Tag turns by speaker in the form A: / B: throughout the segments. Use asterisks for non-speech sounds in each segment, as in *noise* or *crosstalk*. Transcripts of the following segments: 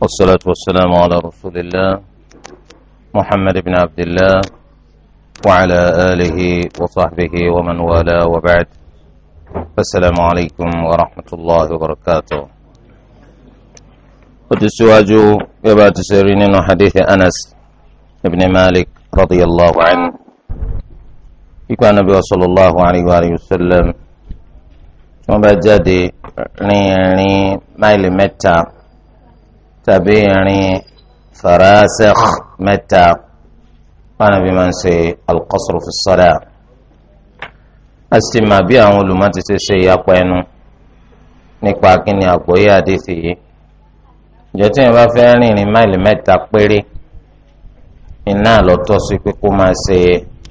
A: والصلاة والسلام على رسول الله محمد بن عبد الله وعلى آله وصحبه ومن والاه وبعد السلام عليكم ورحمة الله وبركاته قد السواج يبات سيرين حديث أنس بن مالك رضي الله عنه يكون النبي صلى الله عليه وآله وسلم ثم بعد جدي ní ẹ̀rín máìlì tàbí irin farasikh mẹ́ta wọn àbí máa ń ṣe alqasru fi sọ́dà a sì máa bí àwọn olùmọ̀ ti ṣe ṣe ìyapa ẹnu nípa kíni àgbọ́yé àdéfì yìí ìjọ tí wọn bá fẹ́ rìnrìn máìlì mẹ́ta péré iná lọ́tọ̀ sí pé kó máa ṣe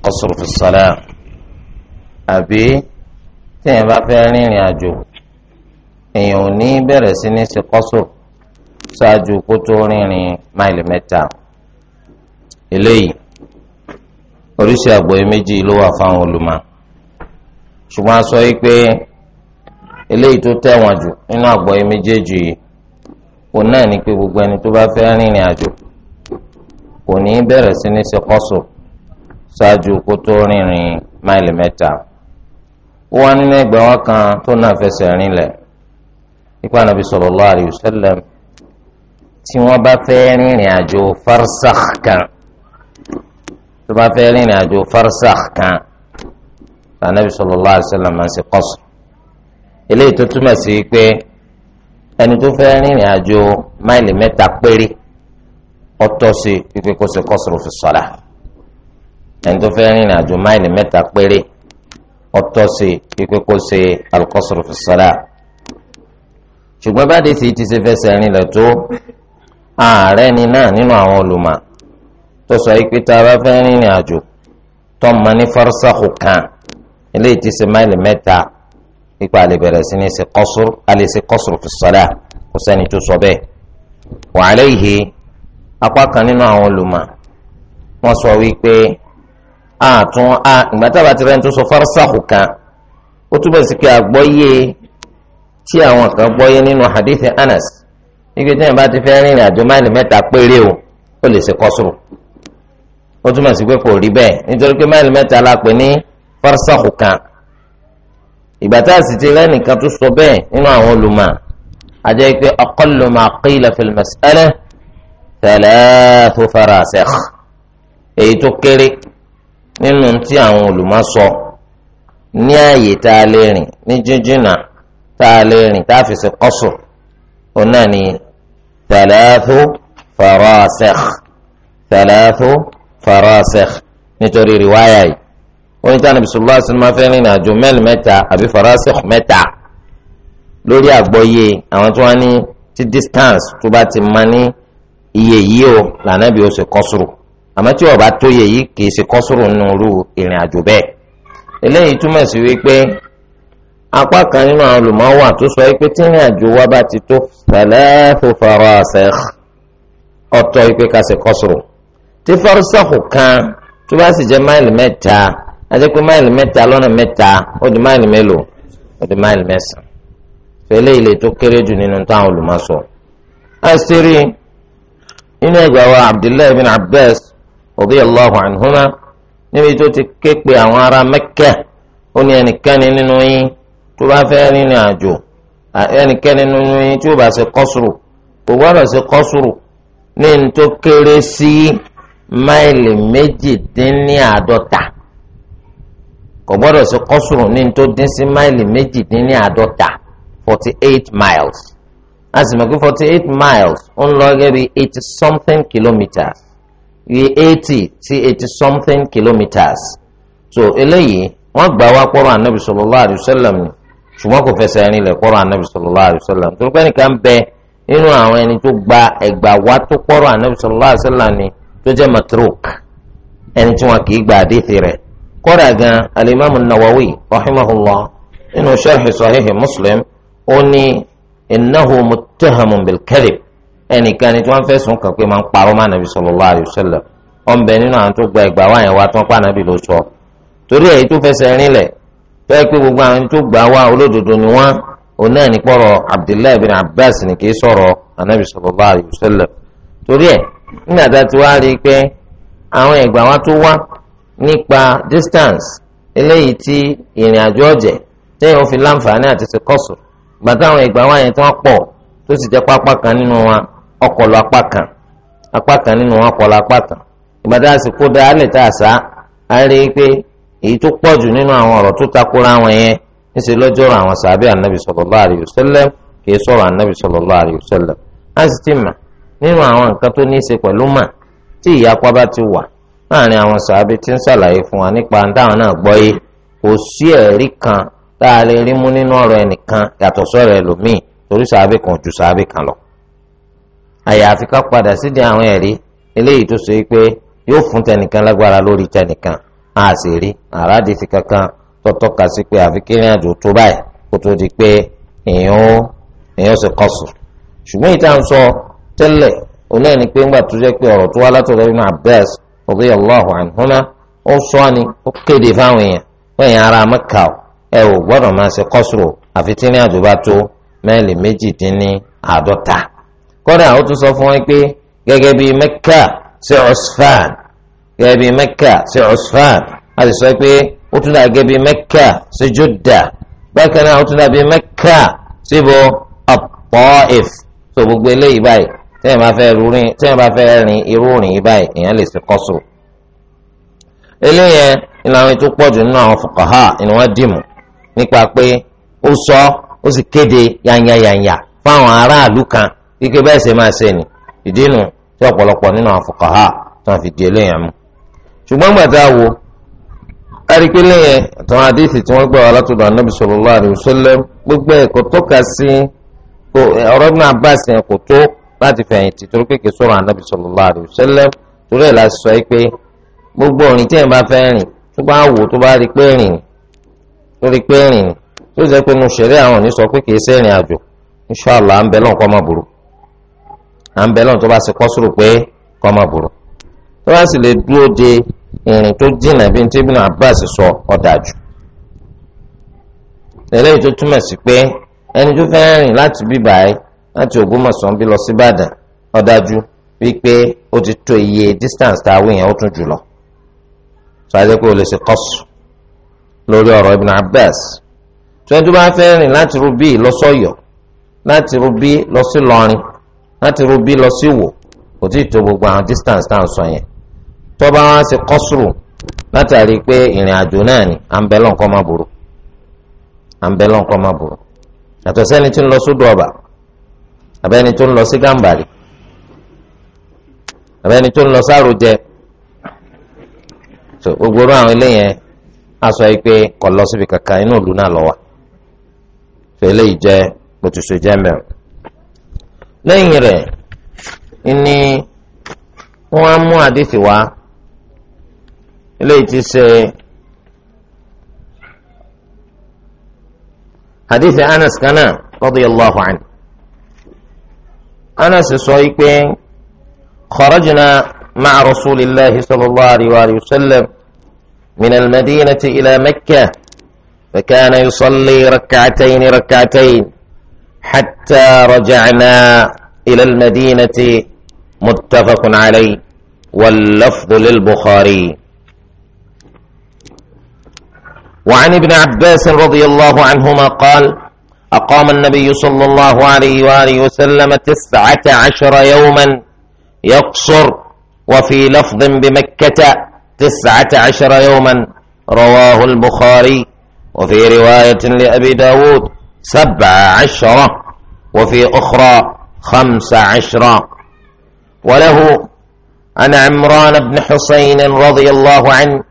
A: qasru fi sọ́dà àbí tí wọn bá fẹ́ rìnrìn àjò èèyàn ò ní bẹ̀rẹ̀ sí ní ṣe qasru. ṣáájú kó tó rìnrìn máìlì mẹ́ta eléyìí oríṣi àgbọ́yé méjì ló wà fáwọn olùmọ̀ ṣùgbọ́n a sọ wípé eléyìí tó tẹ̀wọ̀n jù nínú àgbọ́yé méjèèjì yìí kò náà ní pé gbogbo ẹni tó bá fẹ́ rìnrìn àjò kò ní bẹ̀rẹ̀ sí ní ṣe kọ́sù ṣáájú kó tó rìnrìn máìlì mẹ́ta ó wá nínú kan tó náà fẹsẹ̀ nípa nàbí tí wọ́n bá fẹ́ rìnrìn àjò farsakh kan tó bá fẹ́ rìnrìn àjò farsakh kan lànàbí sallallahu alaihi wasallam máa ń ṣe qasr eléyìí tó túmọ̀ sí pé ẹni tó fẹ́ rìnrìn àjò máìlì mẹ́ta péré ọtọ́ sí pípé kó ṣe qasru fi sọ́la ẹni tó fẹ́ rìnrìn àjò máìlì mẹ́ta péré ọtọ́ sí pípé kó ṣe al-qasru fi ṣùgbọ́n bá dé sí ti ṣe fẹsẹ̀ rìn lẹ̀ ààrẹ ni náà nínú àwọn olùmọ̀ tó sọ pé tá a bá fẹ́ rìnrìn àjò tó mọ ní farsakhu kan eléyìí ti ṣe máìlì mẹ́ta ipa lè bẹ̀rẹ̀ sí ní ṣe qasr alẹ́ ṣe qasr fi sọ́dà kò sẹ́ni tó sọ bẹ́ẹ̀ wa alayhi apá kan nínú àwọn olùmọ̀ wọ́n sọ wípé àtún a ìgbà tá a bá ti rẹ́ni tó sọ farsakhu kan ó túbọ̀ sí pé àgbọ́yé tí àwọn kan gbọ́yé nínú hadithi Anas ike tí yẹn bá ti fẹ́ rìnrìn àjò máìlì mẹ́ta péré o ó lè ṣe kọ́sùrù ó túmọ̀ sí pé kò rí bẹ́ẹ̀ nítorí pé máìlì mẹ́ta la pè ní fọ́rọ́sọ̀kù kan ìgbà tá a sì ti lẹ́nìkan tó sọ bẹ́ẹ̀ nínú àwọn olùmọ̀ àjẹ́ pé aqallu ma qila fil mas'ala thalathu èyí tó kéré nínú tí àwọn olùmọ̀ sọ ní ààyè tá a lè rìn ní jíjìnà tá a lè rìn tá a fi ṣe kọ́sùrù òun náà ni tàlàfù farasikh tàlàfù farasikh nítorí rìwáyà yìí oyin tí a nàbì sọlá sinimá fẹ́ rìn àjò mẹ́lì mẹ́ta àbí farasikh mẹ́ta lórí àgbọ́yé àwọn tí wọ́n ní ti distance tó bá ti ma ní iye yìí o lànàbì ó ṣe kọ́sùrù àmọ́ tí ọba tó yẹ yìí kì í ṣe kọ́sùrù nínú irú ìrìn àjò bẹ́ẹ̀ eléyìí túmọ̀ sí wípé apá kan nínú àwọn olùmọ̀wà tó sọ pé tí ìrìn àjò wa bá ti tó thalathu farasikh ọ̀tọ̀ ìpè kàṣẹ kọ́sùrù tí farasikh kan tó bá sì jẹ́ máìlì mẹ́ta ajẹ́ pé máìlì mẹ́ta lọ́nà mẹ́ta ó di máìlì mélòó ó di máìlì mẹ́sàn-án fẹ́lẹ́ ilé tó kéré jù nínú táwọn olùmọ̀ sọ. àṣírí nínú ẹgbẹ́ wa abdullahi bin abbas radiyallahu anhuma níbi tó ti ké tó bá fẹ́ rìnrìn àjò ẹnikẹ́ni nínú yín tí ó bá ṣe kọ́sùrù kò gbọ́dọ̀ ṣe kọ́sùrù ní n tó kéré sí máìlì méjìdínláàádọ́ta kò gbọ́dọ̀ ṣe kọ́sùrù ní n tó dín sí máìlì méjìdínláàádọ́ta forty eight miles a sì mọ̀ pé forty eight miles ó ń lọ gẹ́gẹ́ bí eighty something kilometres bí eighty sí eighty something kilometres so eléyìí wọ́n gbà wá pọ́rọ̀ ànábì sallallahu alaihi ṣùgbọ́n kò fẹsẹ̀ rin lẹ̀ kọ́rọ̀ anabi sallallahu alaihi wasallam torí pé nìkan bẹ nínú àwọn ẹni tó gba ẹgbà wá tó kọ́rọ̀ anabi sallallahu alaihi wasallam ni tó jẹ́ matruk ẹni tí wọn kì í gba àdéhì rẹ̀ kọ́rọ̀ gan alimami nawawi rahimahullah nínú sharhi sahihi muslim ó ní innahu muttahamun bilkadib ẹnìkan ni tí wọ́n fẹ̀sùn kàn pé máa ń parọ́ mọ́ anabi sallallahu alaihi wasallam ọ̀nbẹ nínú àwọn tó tẹ́ pé gbogbo àwọn tó gbà wá olódodo ni wọ́n òun náà ní abdullahi bin abbas ní kì í sọ̀rọ̀ anabi sallallahu torí ẹ̀ nígbà tá a ti wá rí i pé àwọn ẹ̀gbà wa tó wá nípa distance eléyìí tí ìrìn àjò ọ̀jẹ̀ tẹ́yìn òfin láǹfààní àti ti kọ́sù gbà táwọn ẹ̀gbà wa yẹn tí wọ́n pọ̀ tó sì jẹ́ pápá kan nínú wọn apá kan apá kan nínú wọn apá kan ìgbà tá a sì kó dáa a èyí tó pọ̀ jù nínú àwọn ọ̀rọ̀ tó takora wọn yẹn níṣẹ́ lọ́jọ́ àwọn sàbẹ̀ ànábì sallallahu alayhi wa sallam kì í sọ̀rọ̀ ànábì sallallahu alayhi wa sallam láti ti mà nínú àwọn nǹkan tó ní í ṣe pẹ̀lú mà tí ìyapa bá ti wà láàrin àwọn sàbẹ̀ tí ń ṣàlàyé fún wa nípa dáhùn náà gbọ́ yé kò sí ẹ̀rí kan tá a lè rí mú nínú ọ̀rọ̀ ẹnìkan yàtọ̀ sọ̀rọ̀ ẹlòmíì torí sàbẹ̀ a sì rí àràdì fi kankan tọ́tọ́ ka sí pé àfi kírin àjò tó báyìí kó tó di pé èèyàn ó èèyàn ó sì kọ́sù ṣùgbọ́n ìta ń sọ tẹ́lẹ̀ olóyè ni pé ńgbà tó jẹ́ pé ọ̀rọ̀ tó wá látọ̀dọ̀ Ibn Abbas radiyallahu anhuma ó sọ ni ó kéde fáwọn èèyàn lẹ́yìn ara Mẹ́kà ẹ ò gbọ́dọ̀ máa ṣe kọ́sù àfi tíní àjò bá tó mẹ́ẹ̀lì méjì dín ní àádọ́ta kódà ó tún sọ fún wọn pé gẹ́gẹ́ bíi Mẹ́kà sí Usfan gẹ́gẹ́ bíi mẹ́kà sí Usfan a sì sọ pé ó tún dàgẹ́ bíi mẹ́kà sí Judda bákan náà ó tún dàbí mẹ́kà síbo At-Taif tó gbogbo eléyìí báyìí tẹ́yìn bá fẹ́ rìn tẹ́yìn bá fẹ́ rìn irú rìn yìí báyìí èèyàn lè ṣe kọ́sù. eléyẹn ìlànà tó pọ̀jù nínú àwọn fuqaha ni wọ́n dìmú nípa pé ó sọ ó sì kéde yanyayanya fáwọn aráàlú kan kíkẹ́ bẹ́ẹ̀ ṣe máa ṣe ni ìdí nu tí ọ̀pọ̀lọpọ̀ nínú àwọn fuqaha tó ń fi di eléyàn mú ṣùgbọ́n gbàtà wò arikele yẹn àtàwọn àdéhìí tí wọ́n gbà wà látọ̀dọ̀ anábì sallallahu alaihi wasallam gbogbo ẹ̀kọ́ tọ́ka sí ọ̀rọ̀ náà Abbas yẹn kò tó láti fẹ̀yìntì torí pé kì í sọ̀rọ̀ anábì sallallahu alaihi wasallam torí ẹ̀ la sọ yìí pé gbogbo òrìn tí yẹn bá fẹ́ rìn tó bá wò tó bá rí pé rìn tó rí pé rìn tó jẹ́ pé mo ṣeré àwọn òní sọ pé kì í sẹ́rìn àjò inṣọ́ọ̀lá ìrìn tó jìnnà bí n tí Ibn Abbas sọ ọ̀dàjù eléyìí tó túmọ̀ sí pé ẹni tó fẹ́ rìn láti bíbà ẹ́ láti Ògbómọ̀ṣọ́ bí lọ sí Ìbàdàn ọ̀dàjù wípé ó ti tó iye distance tá a wí yẹn ó tún jù lọ sọ́jà pé o lè ṣe kọ́sù lórí ọ̀rọ̀ Ibn Abbas tí wọ́n tó bá fẹ́ rìn láti Rubí lọ sọ́yọ̀ láti Rubí lọ sí Ìlọrin láti Rubí lọ sí Ìwó kò tí ì tó gbogbo àwọn distance tá à sọ yẹn tọ́ba wọn ṣe kọ́sùrù látàrí pé ìrìn àjò náà ni à ń bẹ lọ́nkọ́ má burú à ń bẹ lọ́nkọ́ má burú yàtọ̀ sẹ́ni tí ń lọ sódò ọ̀bà àbẹ́ni tó ń lọ sí gàǹbàrì àbẹ́ni tó ń lọ sáròjẹ tó gbogbo orú àwọn eléyẹn á sọ pé kò lọ síbi kankan inú ìlú náà lọ wà tó eléyìí jẹ́ bótúṣe jẹ́ mẹ́rin lẹ́yìn rẹ̀ ni wọ́n á mú àdìsí wá. eléyìí ti ṣe hadith anas kana rọdí radiyallahu anhu anas sọ yìí pé kharajna ma'a rasulillahi sallallahu alayhi wa wa sallam min almadina ti ila makkah فكان يصلي ركعتين ركعتين حتى رجعنا إلى المدينة متفق عليه واللفظ للبخاري وعن ابن عباس رضي الله عنهما قال أقام النبي صلى الله عليه وآله وسلم تسعة عشر يوما يقصر وفي لفظ بمكة تسعة عشر يوما رواه البخاري وفي رواية لأبي داود سبع عشرة وفي أخرى خمس عشرة وله عن عمران بن حسين رضي الله عنه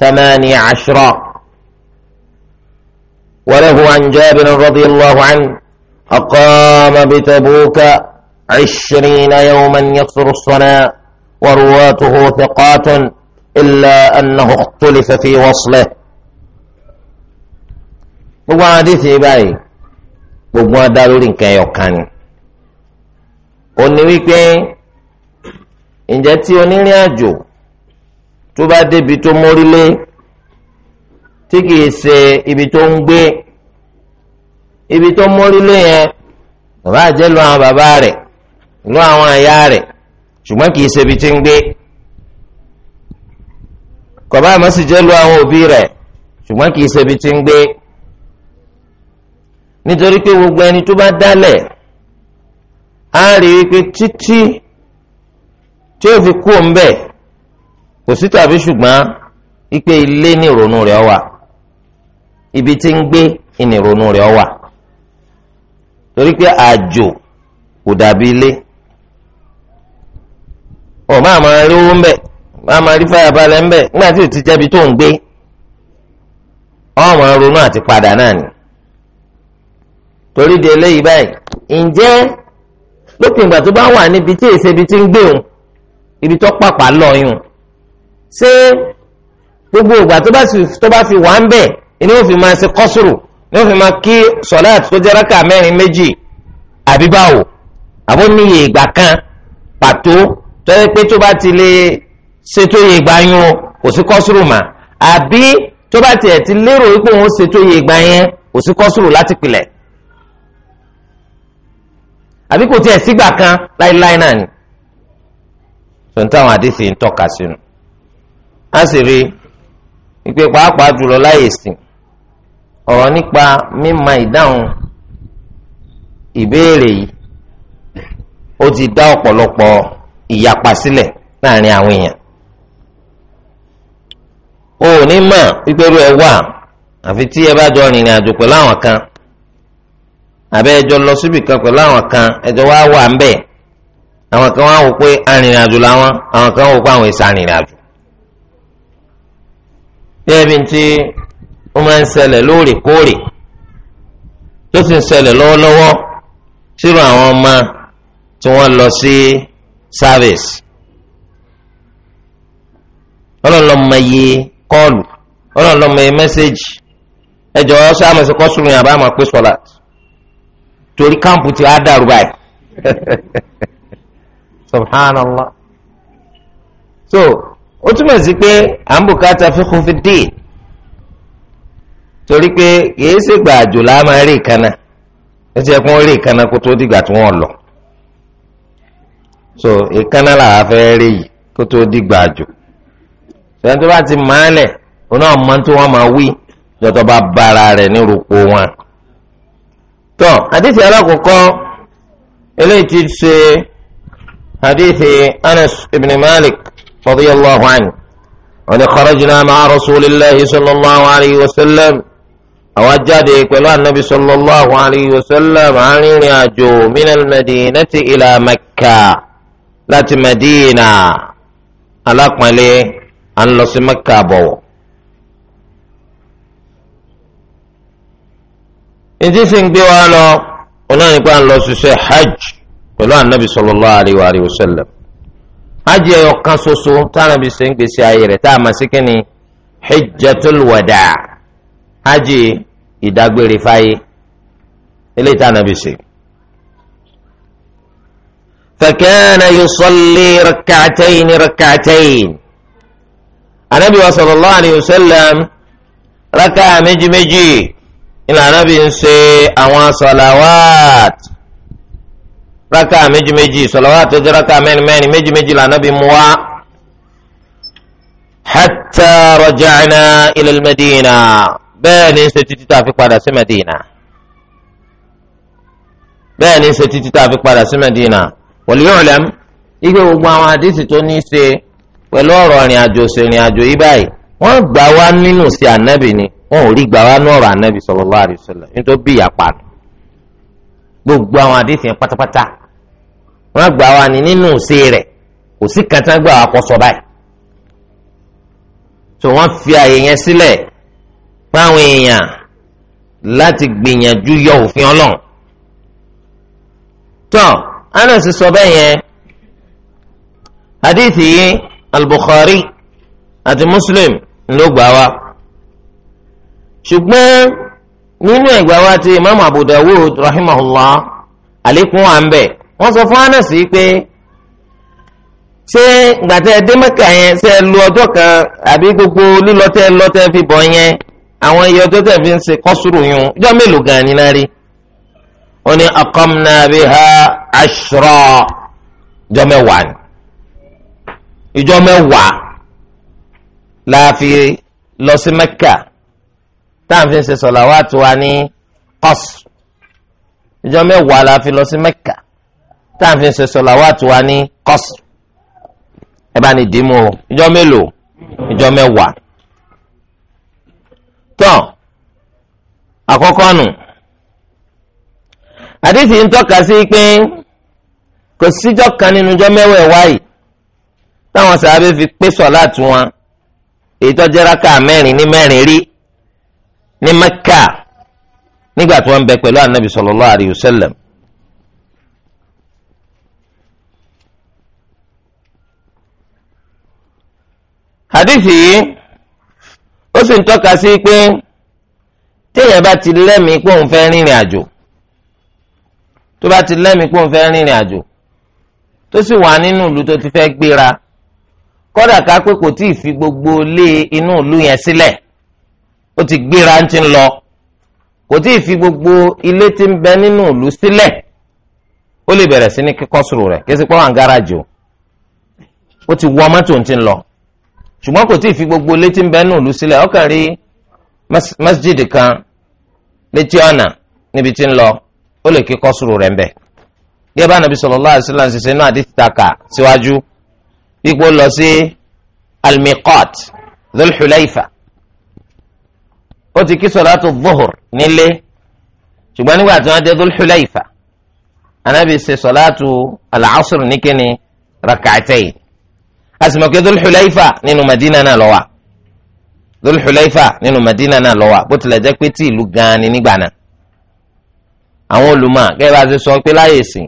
A: ثماني عشرة
B: وله عن جابر رضي الله عنه
A: أقام بتبوك عشرين يوما يقصر الصلاة ورواته ثقات إلا أنه اختلف في وصله gbogbo àwọn àdìsí báyìí gbogbo wọn dá lórí nǹkan ẹyọkan ni ó ní wípé ǹjẹ́ tí onírìn àjò tó bá débi tó mórílé tí kìí ṣe ibi tó ń gbé ibi tó mórílé yẹn bàbá àjẹ́ lu àwọn bàbá rẹ̀ lu àwọn àyà rẹ̀ ṣùgbọ́n kìí ṣe ibi tí ń gbé kọ̀bá àmọ́ sì jẹ́ àwọn òbí rẹ̀ ṣùgbọ́n kìí ṣe ibi tí ń gbé nítorí pé gbogbo ẹni tó bá dálẹ̀ á rí i títí tí ó fi kú òun bẹ̀ kò sí tàbí ṣùgbọ́n ipe ilé ní ìrònú rẹ̀ wà. ibi tí ń gbé ìnìrònú rẹ̀ wà torí pé àjò kò dàbí ilé ọ̀ máa máa rí owó ń bẹ̀ máa máa rí fàyàbalẹ̀ ń bẹ̀ nígbà tí ò ti jẹ́bi tó ń gbé ọmọ ronú àti padà náà ni torí de eléyìí báyìí ǹjẹ́ lópin ìgbà tó bá wà níbi tí èsè ibi tí ń gbé òun ibi tó pàpà lọ́yún ṣé gbogbo ìgbà tó bá fi wà ń bẹ̀ ni ó fi máa ṣe kọ́sùrù ni ó fi máa kí sọ̀láàtì tó jẹ́ rákà mẹ́rin méjì àbí báwo àbó níye ìgbà kan pàtó tó yẹ pé tó bá ti lè ṣètò iye ìgbà yẹn o kò sí kọ́sùrù mà àbí tó bá tiẹ̀ ti lérò wípé òun ṣètò iye ìgbà yẹn kò sí kọ́sùrù láti pilẹ̀ àbí kò tiẹ̀ sígbà kan láíláí náà ni tó àdìsí ń tọ́ka sínú a sì rí i pàápàá jùlọ láyè sìn ọ̀rọ̀ nípa mímọ̀ ìdáhùn ìbéèrè yìí ó ti dá ọ̀pọ̀lọpọ̀ ìyapa sílẹ̀ láàrin àwọn èèyàn o ò ní mọ̀ pípẹ́rú ẹ wà àfi tí ẹ bá jọ rìnrìn àjò pẹ̀lú àwọn kan àbẹ́ ẹ jọ lọ síbì kan pẹ̀lú àwọn kan ẹ wá wà ń bẹ̀ àwọn kan wá wò pé arìnrìn àjò làwọn àwọn kan wò pé àwọn èsì arìnrìn àjò. bí ẹbí ti ó máa ń ṣẹlẹ̀ lóòrèkóòrè tó sì ń ṣẹlẹ̀ lọ́wọ́lọ́wọ́ sírò àwọn ọmọ tí wọ́n lọ sí service ọlọ́lọ́mọye kọ́ọ̀lù ọlọ́lọ́mọye mẹ́sẹ̀gì ẹjọ́ sáàmùsì kọ́sùrù yàrá àmọ́ pé sọ́lá torí káàmpù ti á dàrú báyìí *laughs* subhanallah so ó túmọ̀ sí pé à ń bùkátà fíkún fi díì torí pé kìí ṣègbà àjò la máa rí ìkànnà ẹ ti yẹ rí ìkànnà kó tó dìgbà tí wọ́n lọ so ìkànnà làwọn afẹ́ rí yìí kó tó dìgbà àjò sẹ́ni tó bá ti máa lẹ̀ òun náà mọ tí wọ́n máa wí jọ̀tọ̀ bá bára rẹ̀ ní rúpo wọn. tó àdìsí alákòókò eléyìí ti ṣe àdìsí Anas ibn Malik radiyallahu anhu. ولخرجنا مع رسول الله صلى الله عليه وسلم àwọn jáde pẹ̀lú anabi sallallahu alayhi wa sallam arìnrìn àjò minal madinati ila makka láti madina alápọ̀nlé à ń lọ sí makka bọ̀wọ̀. ìdí sì ń gbé wa lọ ọ̀nà nípa à ń lọ ṣiṣẹ́ hajj pẹ̀lú anabi sallallahu alayhi wa sallam hajj ẹ̀yọ kan ṣoṣo tá anabi ṣe ń gbèsè ayé tá a máa ṣe kí ni hijjatul wada hajj ìdágbére fáyé eléyìí tá ànábì ṣe. fakana yusalli rak'atayn rak'atayn ànábì wa sallallahu alayhi wa sallam rákà méjì méjì ìlà ànábì ń ṣe àwọn sọ̀làwàt rákà méjì méjì sọ̀làwàt tó jẹ́ rákà mẹ́rin mẹ́rin méjì méjì là ànábì mú wá. hatta raja'na ila al bẹ́ẹ̀ ni ṣe títí tá a fi padà sí Medina bẹ́ẹ̀ ni ṣe títí tá a fi padà sí Medina wal yu'lam ike gbogbo àwọn àdìsí tó ní í ṣe pẹ̀lú ọ̀rọ̀ ìrìn àjò ṣe ìrìn àjò yìí báyìí wọ́n gbà wá nínú sí ànábì ni wọ́n ò rí gbà wá ní ọ̀rọ̀ ànábì sallallahu alaihi wasallam nítorí bí ìyapa gbogbo àwọn àdìsí yẹn pátápátá wọ́n gbà wá ní nínú sí rẹ̀ kò sí kàtà gbà báyìí tó wọ́n fi àyè yẹn sílẹ̀ fáwọn èèyàn láti gbìyànjú yọ òfin ọlọ́run tọ́ Anas sọ bẹ́ẹ̀ yẹn hadith yìí al-Bukhari àti Muslim ló gbà wá ṣùgbọ́n nínú ẹ̀gbà wa ti Imam Abu Dawud rahimahullah àlékún wa ń bẹ̀ wọ́n sọ fún Anas yìí pé ṣé gbàtẹ́ dé Mẹ́kà yẹn ṣe lu ọjọ́ kan àbí gbogbo lílọ́tẹ́ lọ́tẹ́ fi bọ̀ yẹn àwọn iye ọjọ́ tẹ̀ fi ń ṣe kọ́sùrù yún ọjọ́ mélòó gan ni náà rí ó ní aqamna biha ashra ìjọ mẹ́wàá ni ìjọ mẹ́wàá la fi lọ sí mẹ́kà tá à ń fi ṣe sọ̀làwátù wa ní kọ́sù ìjọ mẹ́wàá la fi lọ sí mẹ́kà tá à ń fi ṣe sọ̀làwátù wa ní kọ́sù ẹ bá ní dìímù ìjọ mélòó ìjọ mẹ́wàá tọ́ àkọ́kọ́ nù àdìsí ń tọ́ka sí pé kò síjọ́ kan nínú ọjọ́ mẹ́wàá wáyìí táwọn sàábé fi pé sọ̀láàtì wọn èyí tó jẹ́ rákà mẹ́rin ní mẹ́rin rí ní Mẹ́kà nígbà tí wọ́n ń bẹ pẹ̀lú ànábì sallallahu alayhi wa sallam. hadithi yìí ó sì ń tọ́ka sí pé téèyàn bá ti lẹ́mìí pé òun fẹ́ rìnrìn àjò tó bá ti lẹ́mìí pé òun fẹ́ rìnrìn àjò tó sì wà nínú ìlú tó ti fẹ́ gbéra kódà ká pé kò tíì fi gbogbo ilé inú ìlú yẹn sílẹ̀ ó ti gbéra ń ti lọ kò tíì fi gbogbo ilé tí ń bẹ nínú ìlú sílẹ̀ ó lè bẹ̀rẹ̀ sí ní kíkọ́ sùrù rẹ̀ kí ó sì pọ́ wà ń ó ti wọ mọ́tò ń ti lọ ṣùgbọ́n kò tí ì fi gbogbo létí ń bẹ nù lù sílẹ̀ ọkàn rí masjid kan létí ọ̀nà níbi tí ń lọ ó lè kíkọ́ sùúrù rẹ̀ ń bẹ̀. gẹ́gẹ́ bá nàbí sallallahu alaihi wasallam ṣiṣẹ́ náà àdìsí takà síwájú ipò lọ sí almiqat zulhulayfa ó ti kí sọ̀látù zuhur nílé ṣùgbọ́n nígbà tí wọ́n dé zulhulayfa anábì ṣe sọ̀látù al-asr ní asìmọ̀kẹ́ dulhulayfa nínú madina náà lọ́wọ́ dulhulayfa nínú madina náà lọ́wọ́ bó tilẹ̀ jẹ́ pé tí ìlú gan-an ni nígbà náà àwọn olùmọ̀ gẹ́gẹ́ bá ti sọ pé láyè sí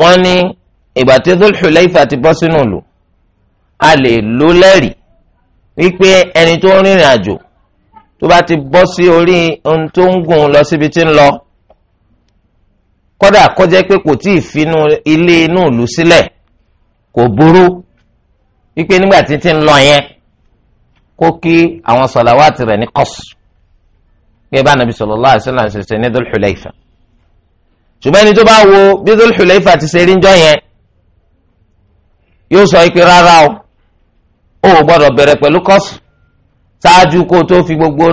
A: wọ́n ní ìgbà tí dulhulayfa ti bọ́ sínú ìlú a lè lò lẹ́rìí wípé ẹni tó ń rìnrìn àjò tó bá ti bọ́ sí orí ohun tó ń gùn lọ síbi tí ń lọ kódà kó jẹ́ pé kò tí ì finú ilé inú ìlú sílẹ̀ kò burú wípé nígbà tí ti ń lọ yẹn kó kí àwọn sọ̀làwátì rẹ̀ ní kọ́sù pé bá nàbí sallallahu alaihi wasallam ṣẹṣẹ ní Dhul Hulayfa ṣùgbọ́n ẹni tó bá wo bí Dhul Hulayfa ti ṣe rí ń jọ yẹn yóò sọ wípé rárá o ó gbọ́dọ̀ bẹ̀rẹ̀ pẹ̀lú kọ́sù ṣáájú kó tó fi gbogbo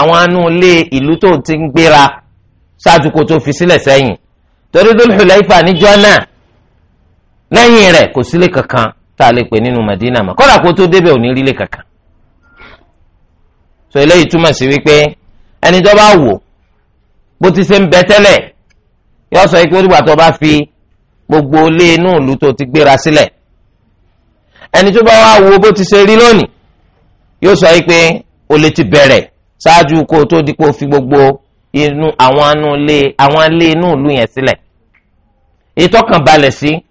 A: àwọn anú ilé ìlú tó ti ń gbéra ṣáájú kó tó fi sílẹ̀ sẹ́yìn torí Dhul Hulayfa níjọ́ náà lẹ́yìn rẹ̀ kò sílé kankan tá a lè pè nínú Madina mọ́ kódà kó tó débẹ̀ ò ní rí lé kankan so eléyìí túmọ̀ sí wípé ẹni tó bá wò bó ti ṣe ń bẹ tẹ́lẹ̀ yóò sọ pé onígbà tó bá fi gbogbo ilé inú ìlú tó ti gbéra sílẹ̀ ẹni tó bá wá wo bó ti ṣe rí lónìí yóò sọ pé o lè ti bẹ̀rẹ̀ ṣáájú kó tó di kó fi gbogbo inú àwọn ilé inú ìlú yẹn sílẹ̀ ìtọ́kànbalẹ̀ sí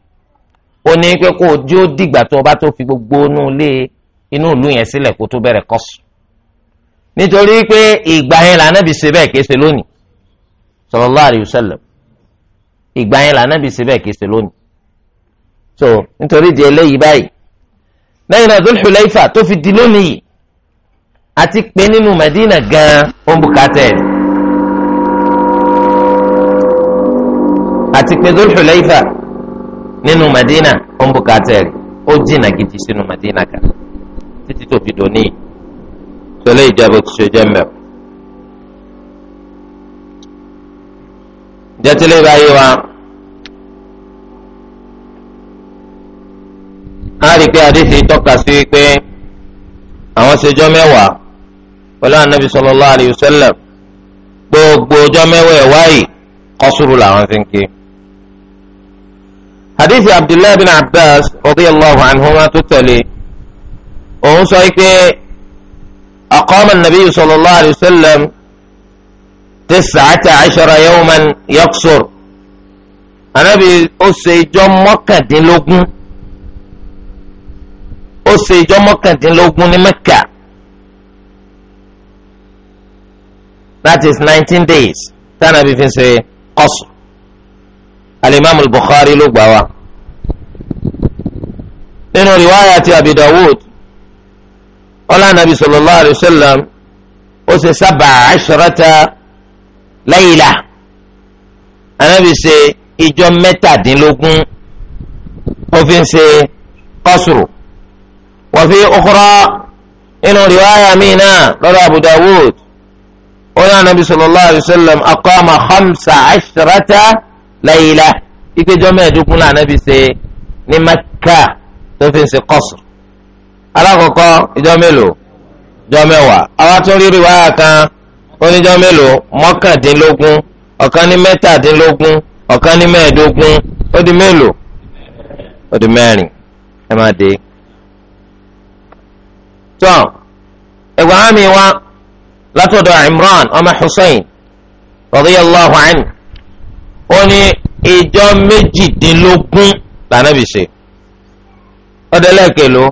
A: ó ní pé kó o dí ó dìgbà tó o bá tó fi gbogbo inú ilé inú ìlú yẹn sílẹ̀ kó tó bẹ̀rẹ̀ kọ́sù nítorí pé ìgbà yẹn lànàbì ṣe bẹ́ẹ̀ kìí lónìí sallallahu alaihi wasallam ìgbà yẹn lànàbì ṣe bẹ́ẹ̀ kìí lónìí so nítorí di eléyìí báyìí lẹ́yìn náà Dhul Hulaifa tó fi di lónìí yìí àti pé nínú Madina gan-an ó ń bùkátà ẹ̀ àti pé Dhul Hulaifa nínú Madina ó ń bùkátà rẹ̀ ó jìnnà gidi sínú Madina kan títí tó fi dòní tọ́lé ìjọba ti ṣe jẹ́ mẹ́rin. jẹ́tílé báyìí wa a rí pé adéṣe tọ́ka sí pé àwọn ṣèjọ́ mẹ́wàá pẹ̀lú anabi sallallahu alayhi wa sallam gbogbo ọjọ́ mẹ́wàá ẹ̀ wáyìí kọ́sùrù làwọn fi ń ké. hadithi abdullahi bin abbas radiyallahu anhuma tó tẹ̀lé òun sọ pé aqama an-nabiy sallallahu alayhi wa sallam tis'ata 'ashara yawman yaksur anabi ó ṣe ijọ́ mọ́kàndínlógún ó ṣe ijọ́ mọ́kàndínlógún ní mẹ́kà that is nineteen days tánàbí fi ṣe qasr. alimami Bukhari ló gbà wá nínú riwaayà ti Abi Dawud ọlá nàbí sallallahu alayhi wa sallam ó ṣe sábà àṣọrọta layla anabi ṣe ìjọ mẹ́tàdínlógún òfin ṣe qasru wa fi ukhra inú riwaayà mi náà lọ́dọ̀ Abu Dawud ọlá nàbí sallallahu alayhi wa sallam aqama àṣọrọta. láyìlá ikpejọ mẹ́ẹ̀ẹ́dógún náà nàbí ṣe ní mẹ́kà tó fi ń ṣe kọ́sù. alákọ̀ọ́kọ́ ìjọ mélòó ìjọ mẹ́wàá àwa tún rí kan oníjọ mélòó mọ́kàndínlógún ọ̀kan ní mẹ́tàdínlógún ọ̀kan ní ó ní ìjọ méjìdínlógún lànàbì ṣe ọdẹlẹ́kẹ̀ló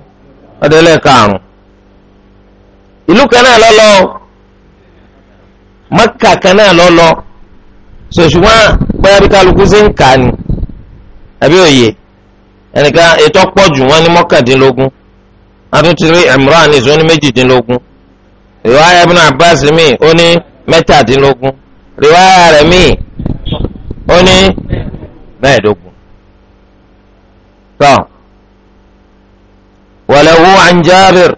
A: ọdẹlẹ́kàrún ìlú kan náà lọ́lọ́ mọ́kà kan náà lọ́lọ́ sòṣùwọ́n bóyá bí kálukú ṣe ń kà ni àbí òye ẹnìkan ètò pọ̀jù wọn ní mọ́kàndínlógún àtúntìrí Imran ní ìsọ́ni méjìdínlógún riwaya Ibn Abbas mi ó ní mẹ́tàdínlógún riwaya rẹ̀ míì ó ní mẹ́ẹ̀ẹ́dógún tán wàlẹ́wò àn jábìr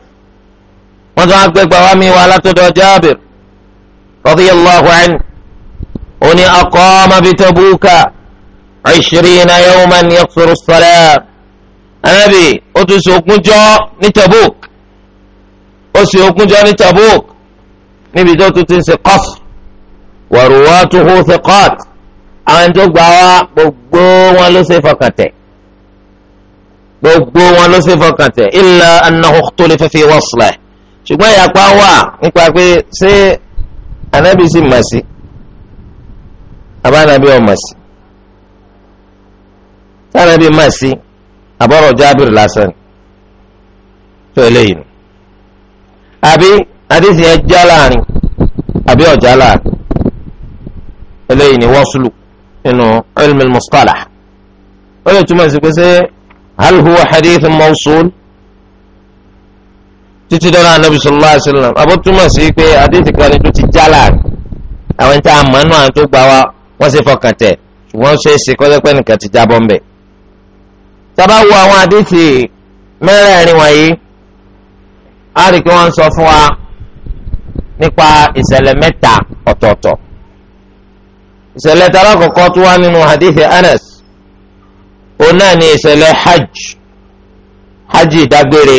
A: wọ́n tún á gbégbá wa mi wà látọ̀dọ̀ jábìr radiyallahu anhu ó ní aqama bi Tabuka ishirina yawman yaqsuru as tún ó tún ṣe ogúnjọ́ ní Tabuk ó ṣe ogúnjọ́ ní Tabuk níbi tó tún ti ń ṣe wàrúwá tó hó sè thiqat. àwọn tó gbà wá gbogbo wọn ló ṣe fọkàn tẹ̀ gbogbo wọn ló ṣe fọkàn tẹ̀ illa annahu ikhtulifa fi waslihi ṣùgbọ́n ìyapa wà nípa pé ṣé anabi sì mà sí abánabi ọ̀ mà sí sánabi mà sí àbọ̀rọ̀ jábìrì lásán tó eléyìí àbí àdìsí ẹ já àbí ọ̀já láàrin eléyìí ni waslu nínú ilmi mustalah ó lè túmọ̀ sí pé ṣé hal huwa hadith mawsul títí dọ́là anabi sallallahu alayhi wa sallam abó túmọ̀ sí pé hadith kan ni tó ti jálà àwọn tá a mọ̀ nù àwọn tó gbà wá wọ́n sì fọkàn tẹ̀ ṣùgbọ́n ṣe é ṣe kọ́lẹ́pẹ́ nìkan ti jábọ́ ńbẹ̀. tábà wo àwọn hadith mẹ́rẹ̀ẹ̀rin wọ̀nyí á rí i wọ́n sọ fún wa nípa ìṣẹ̀lẹ̀ mẹ́ta ọ̀tọ̀ọ̀tọ̀ ìṣẹ̀lẹ̀ tara kọ̀kọ́ tó wá nínú hadith anas òun náà ni ìṣẹ̀lẹ̀ hajj hajj ìdágbére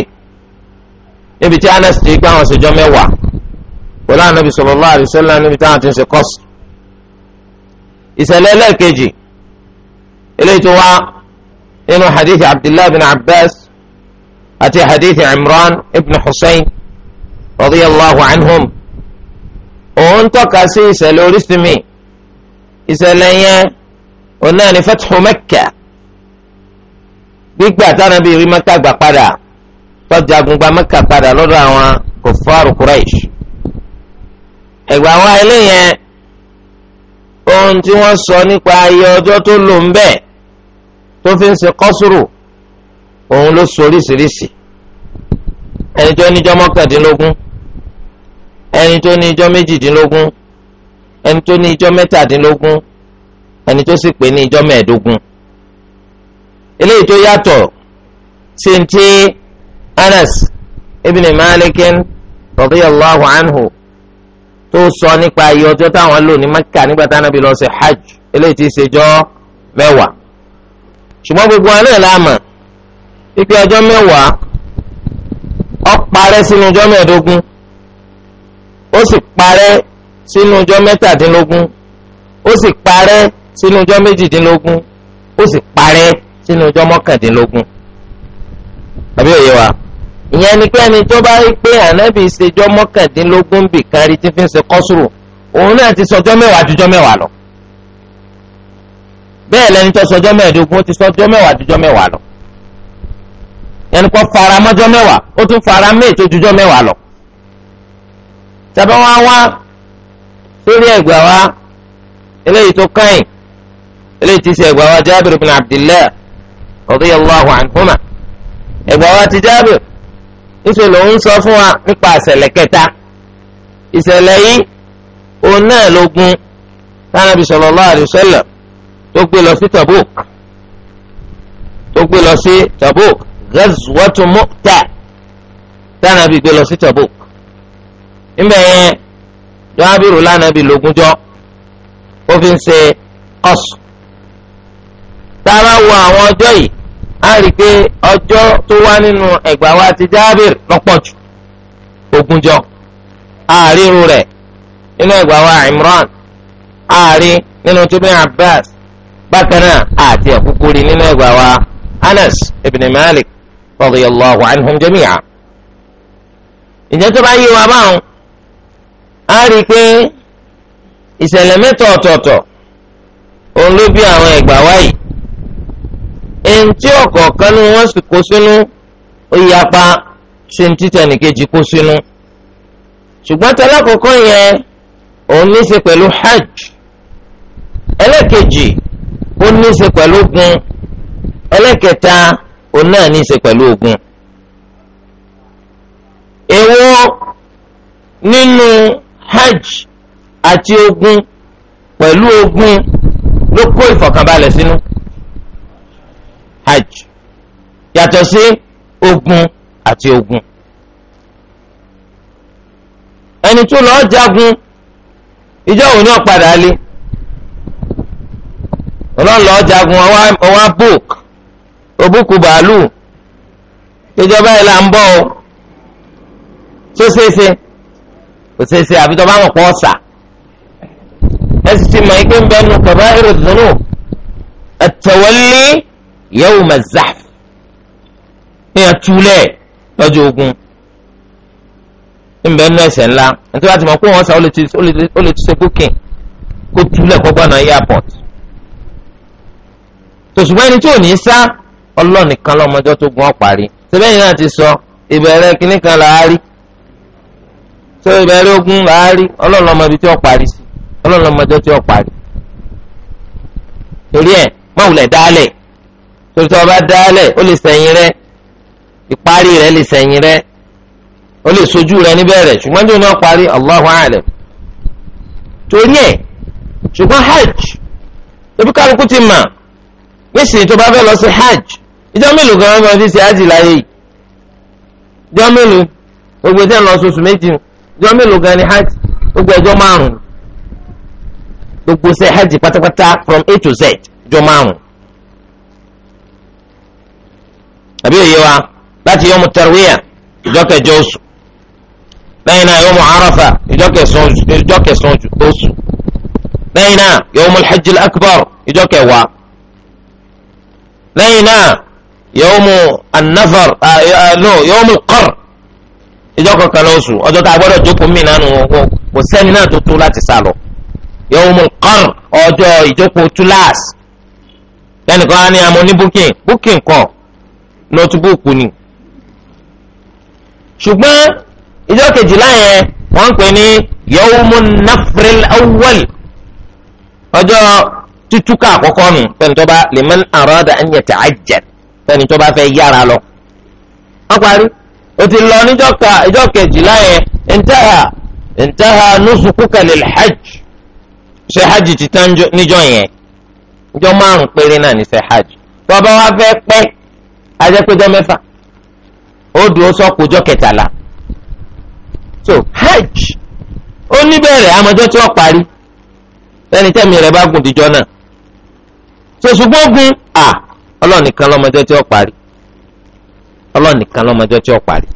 A: níbi tí anas ti gbá àwọn ìṣèjọ mẹ́wàá pẹ̀lú anabi sallallahu alaihi wasallam níbi táwọn ti ń ṣe kọ́sù. ìṣẹ̀lẹ̀ ẹlẹ́ẹ̀kejì eléyìí tó wá nínú hadith abdullahi bin abbas àti hadith imran ibn hussein radiyallahu anhum òun tọ́ka sí ìṣẹ̀lẹ̀ orísìí ìṣẹ̀lẹ̀ yẹn òun náà ni fathu Mẹ́kà gbígbà tánàbí rí Mẹ́kà gbà padà tọ́jagun gba Mẹ́kà padà lọ́dọ̀ àwọn kòfàrù Quraysh ẹ̀gbà wa eléyẹn ohun tí wọ́n sọ nípa ayé ọjọ́ tó lò ń bẹ̀ tó fi ń ṣe kọ́sùrù òun ló so oríṣiríṣi ẹni tó níjọ́ mọ́kàndínlógún ẹni tó níjọ́ méjìdínlógún ẹni tó ní ijọ́ mẹ́tàdínlógún ẹni tó sì pé ní ijọ́ mẹ́ẹ̀ẹ́dógún eléyìí tó yàtọ̀ sí ti Anas ibn Malikin radiyallahu anhu tó sọ nípa iye ọjọ́ táwọn lò ní Mẹ́kà nígbà tánábì lọ sí hajj eléyìí ti ṣe jọ́ mẹ́wàá ṣùgbọ́n gbogbo wọn náà láàmà wípé ọjọ́ mẹ́wàá ó parẹ́ sínú ọjọ́ mẹ́ẹ̀ẹ́dógún ó sì parẹ́ sínú ọjọ́ mẹ́tàdínlógún ó sì parẹ́ sínú ọjọ́ méjìdínlógún ó sì parẹ́ sínú ọjọ́ mọ́kàndínlógún àbí òye wa ìyẹn ni pé ẹni tó bá rí pé ànábì ìṣèjọ́ mọ́kàndínlógún bì kárí tí fi ń ṣe kọ́sùrù òun náà ti sọjọ́ mẹ́wàá àdújọ́ mẹ́wàá lọ bẹ́ẹ̀ lẹni tó sọjọ́ mẹ́ẹ̀ẹ́dógún ó ti sọjọ́ mẹ́wàá àdújọ́ mẹ́wàá lọ ẹni kọ́ fara mọ́jọ́ mẹ́wàá ó tún fara mẹ́ẹ̀ẹ́ tó jùjọ́ mẹ́wàá lọ tàbí wọn wá lórí ẹ̀gbà wa eléyìí tó káyìn eléyìí ti ṣe ẹ̀gbà wa Jabir ibn Abdillah radiyallahu anhuma ẹ̀gbà wa ti Jabir níṣẹ́ ló ń sọ fún wa nípa àṣẹlẹ̀ kẹta ìṣẹ̀lẹ̀ yìí òun náà lógun tánàbí sallallahu alaihi wasallam tó gbé lọ sí Tabuk tó gbé lọ sí Tabuk Ghazwatu Mu'ta tánàbí gbé lọ sí Tabuk níbẹ̀ yọ́ábìrù lánàbì lógúnjọ́ ó fi ń ṣe ọ̀sù. tá a bá wo àwọn ọjọ́ yìí a rí i pé ọjọ́ tó wá nínú ẹ̀gbà wa ti jábìr lọ́pọ̀ jù ogúnjọ́ àárírù rẹ̀ nínú ẹ̀gbà wa Imran àárí nínú tubin Abbas bákan àti ẹ̀kúkúri nínú ẹ̀gbà wa Anas ibn Malik radiyallahu anhum jami'a. ìjẹ́ tó bá yí wa báwọn á rí i pé ìṣẹ̀lẹ̀ mẹ́ta ọ̀tọ̀ọ̀tọ̀ òun ló bí àwọn ẹ̀gbà wáyìí ẹni tí ọ̀kọ̀ọ̀kan ni wọ́n sì kó sínú ó yapa ṣe ní títẹ̀ nìkejì kó sínú ṣùgbọ́n tẹ́lákọ̀ọ́kọ́ yẹn òun ní í ṣe pẹ̀lú hajj ẹlẹ́kejì ó ní í ṣe pẹ̀lú ogun ẹlẹ́kẹta òun náà ní í ṣe pẹ̀lú ogun èwo nínú hajj àti ogun pẹ̀lú ogun ló kó ìfọ̀kànbalẹ̀ sínú hajj yàtọ̀ sí ogun àti ogun ẹni tó lọ jagun ìjọ òun náà padà lé ọlọ́run lọ jagun ọwá book òbúkú bàálù ìjọba ẹ̀ là ń bọ̀ ọ́ tó ṣeéṣe. So, kò ṣeé ṣe àfi tó bá wọn pọ̀ ọ̀sà ẹ sì ti mọ ike ń bẹ nu kabairu dhunub at-tawalli yawm az-zahf èèyàn túlẹ̀ lọ́jọ́ ogun ń bẹ nu ẹ̀ṣẹ̀ ńlá nítorí àti mọ̀ pé wọ́n sá ó lè ti ṣe booking kó túlẹ̀ kó gbọ́nà airport tòṣùgbọ́n ẹni tí ò ní sá ọlọ́ọ̀nìkan lọ́mọdé tó gun ọ̀ parí ṣẹ́bẹ́yìn náà ti sọ ìbẹ̀rẹ̀ kìnnìkan làárí tó ìbẹ̀rẹ̀ ogun làá rí ọlọ́run ọmọ ibi tí ó parí sí ọlọ́run ọmọ ọjọ́ tí ó parí. torí ẹ̀ mọ̀wùlẹ̀ dálẹ̀ torí tó o dálẹ̀ ó lè sẹ̀yìn rẹ ìparí rẹ lè sẹ̀yìn rẹ ó lè sojú rẹ níbẹ̀rẹ̀ ṣùgbọ́n bí parí Allahu a'lam torí ẹ̀ ṣùgbọ́n hajj ebi kálukú ti mà nísìnyí tó bá fẹ́ lọ sí hajj ìjọ mélòó gan-an fi ṣe hajj láyé ìjọ mélòó gbogbo ìjọ méjì nù ọjọ́ mélòó gan ni hajj gbogbo ọjọ́ márùn-ún gbogbo ṣe hajj pátápátá from a to z ọjọ́ márùn-ún. àbí òye wa láti yọ yọmu tarwiya ìjọ kẹjọ oṣù lẹ́yìn náà yọ yọmu arafa ìjọ kẹsàn-án oṣù lẹ́yìn náà yọ yọmu hajj akbar ìjọ kẹwàá lẹ́yìn náà yọ yọmu anafar no yọ yọmu kọr. ìjọ kankan lóṣù ọjọ́ tá a gbọ́dọ̀ jókòó mí nánu wọn kò sẹ́ni náà tó tó láti sá lọ yawmul qarn ọjọ́ ìjókòó túláàs lẹ́nìkan á ní amọ̀ ní booking booking kan nọ́tíbùkù ni ṣùgbọ́n ìjọ kejìlá yẹn wọ́n ń pè ní yawmun nafril awwal ọjọ́ títúkà àkọ́kọ́ nù fẹ́ni tó bá liman arada an yata'ajjal fẹ́ni tó bá fẹ́ yára lọ. wọ́n parí o ti lọ níjọ́ ka ìjọ́ kejìlá yẹn ntaha ntaha nusukuka lil hajj ṣe hajj ti tán níjọ́ yẹn ìjọ́ márùn péré náà ní ṣe hajj tọba wa fẹ́ pẹ́ ajẹpẹjọ mẹ́fà ó dùn ó sọkù ìjọ́ kẹtàlá so hajj ó níbẹ̀rẹ̀ àmọ́jọ́ tí wọ́n parí lẹ́ni tẹ́mi rẹ̀ bá gùn díjọ́ náà so ṣùgbọ́n gun à ọlọ́ọ̀nìkan lọ́mọdé tí wọ́n parí ọlọ́run nìkan lọ́mọjọ́ tí ó parí.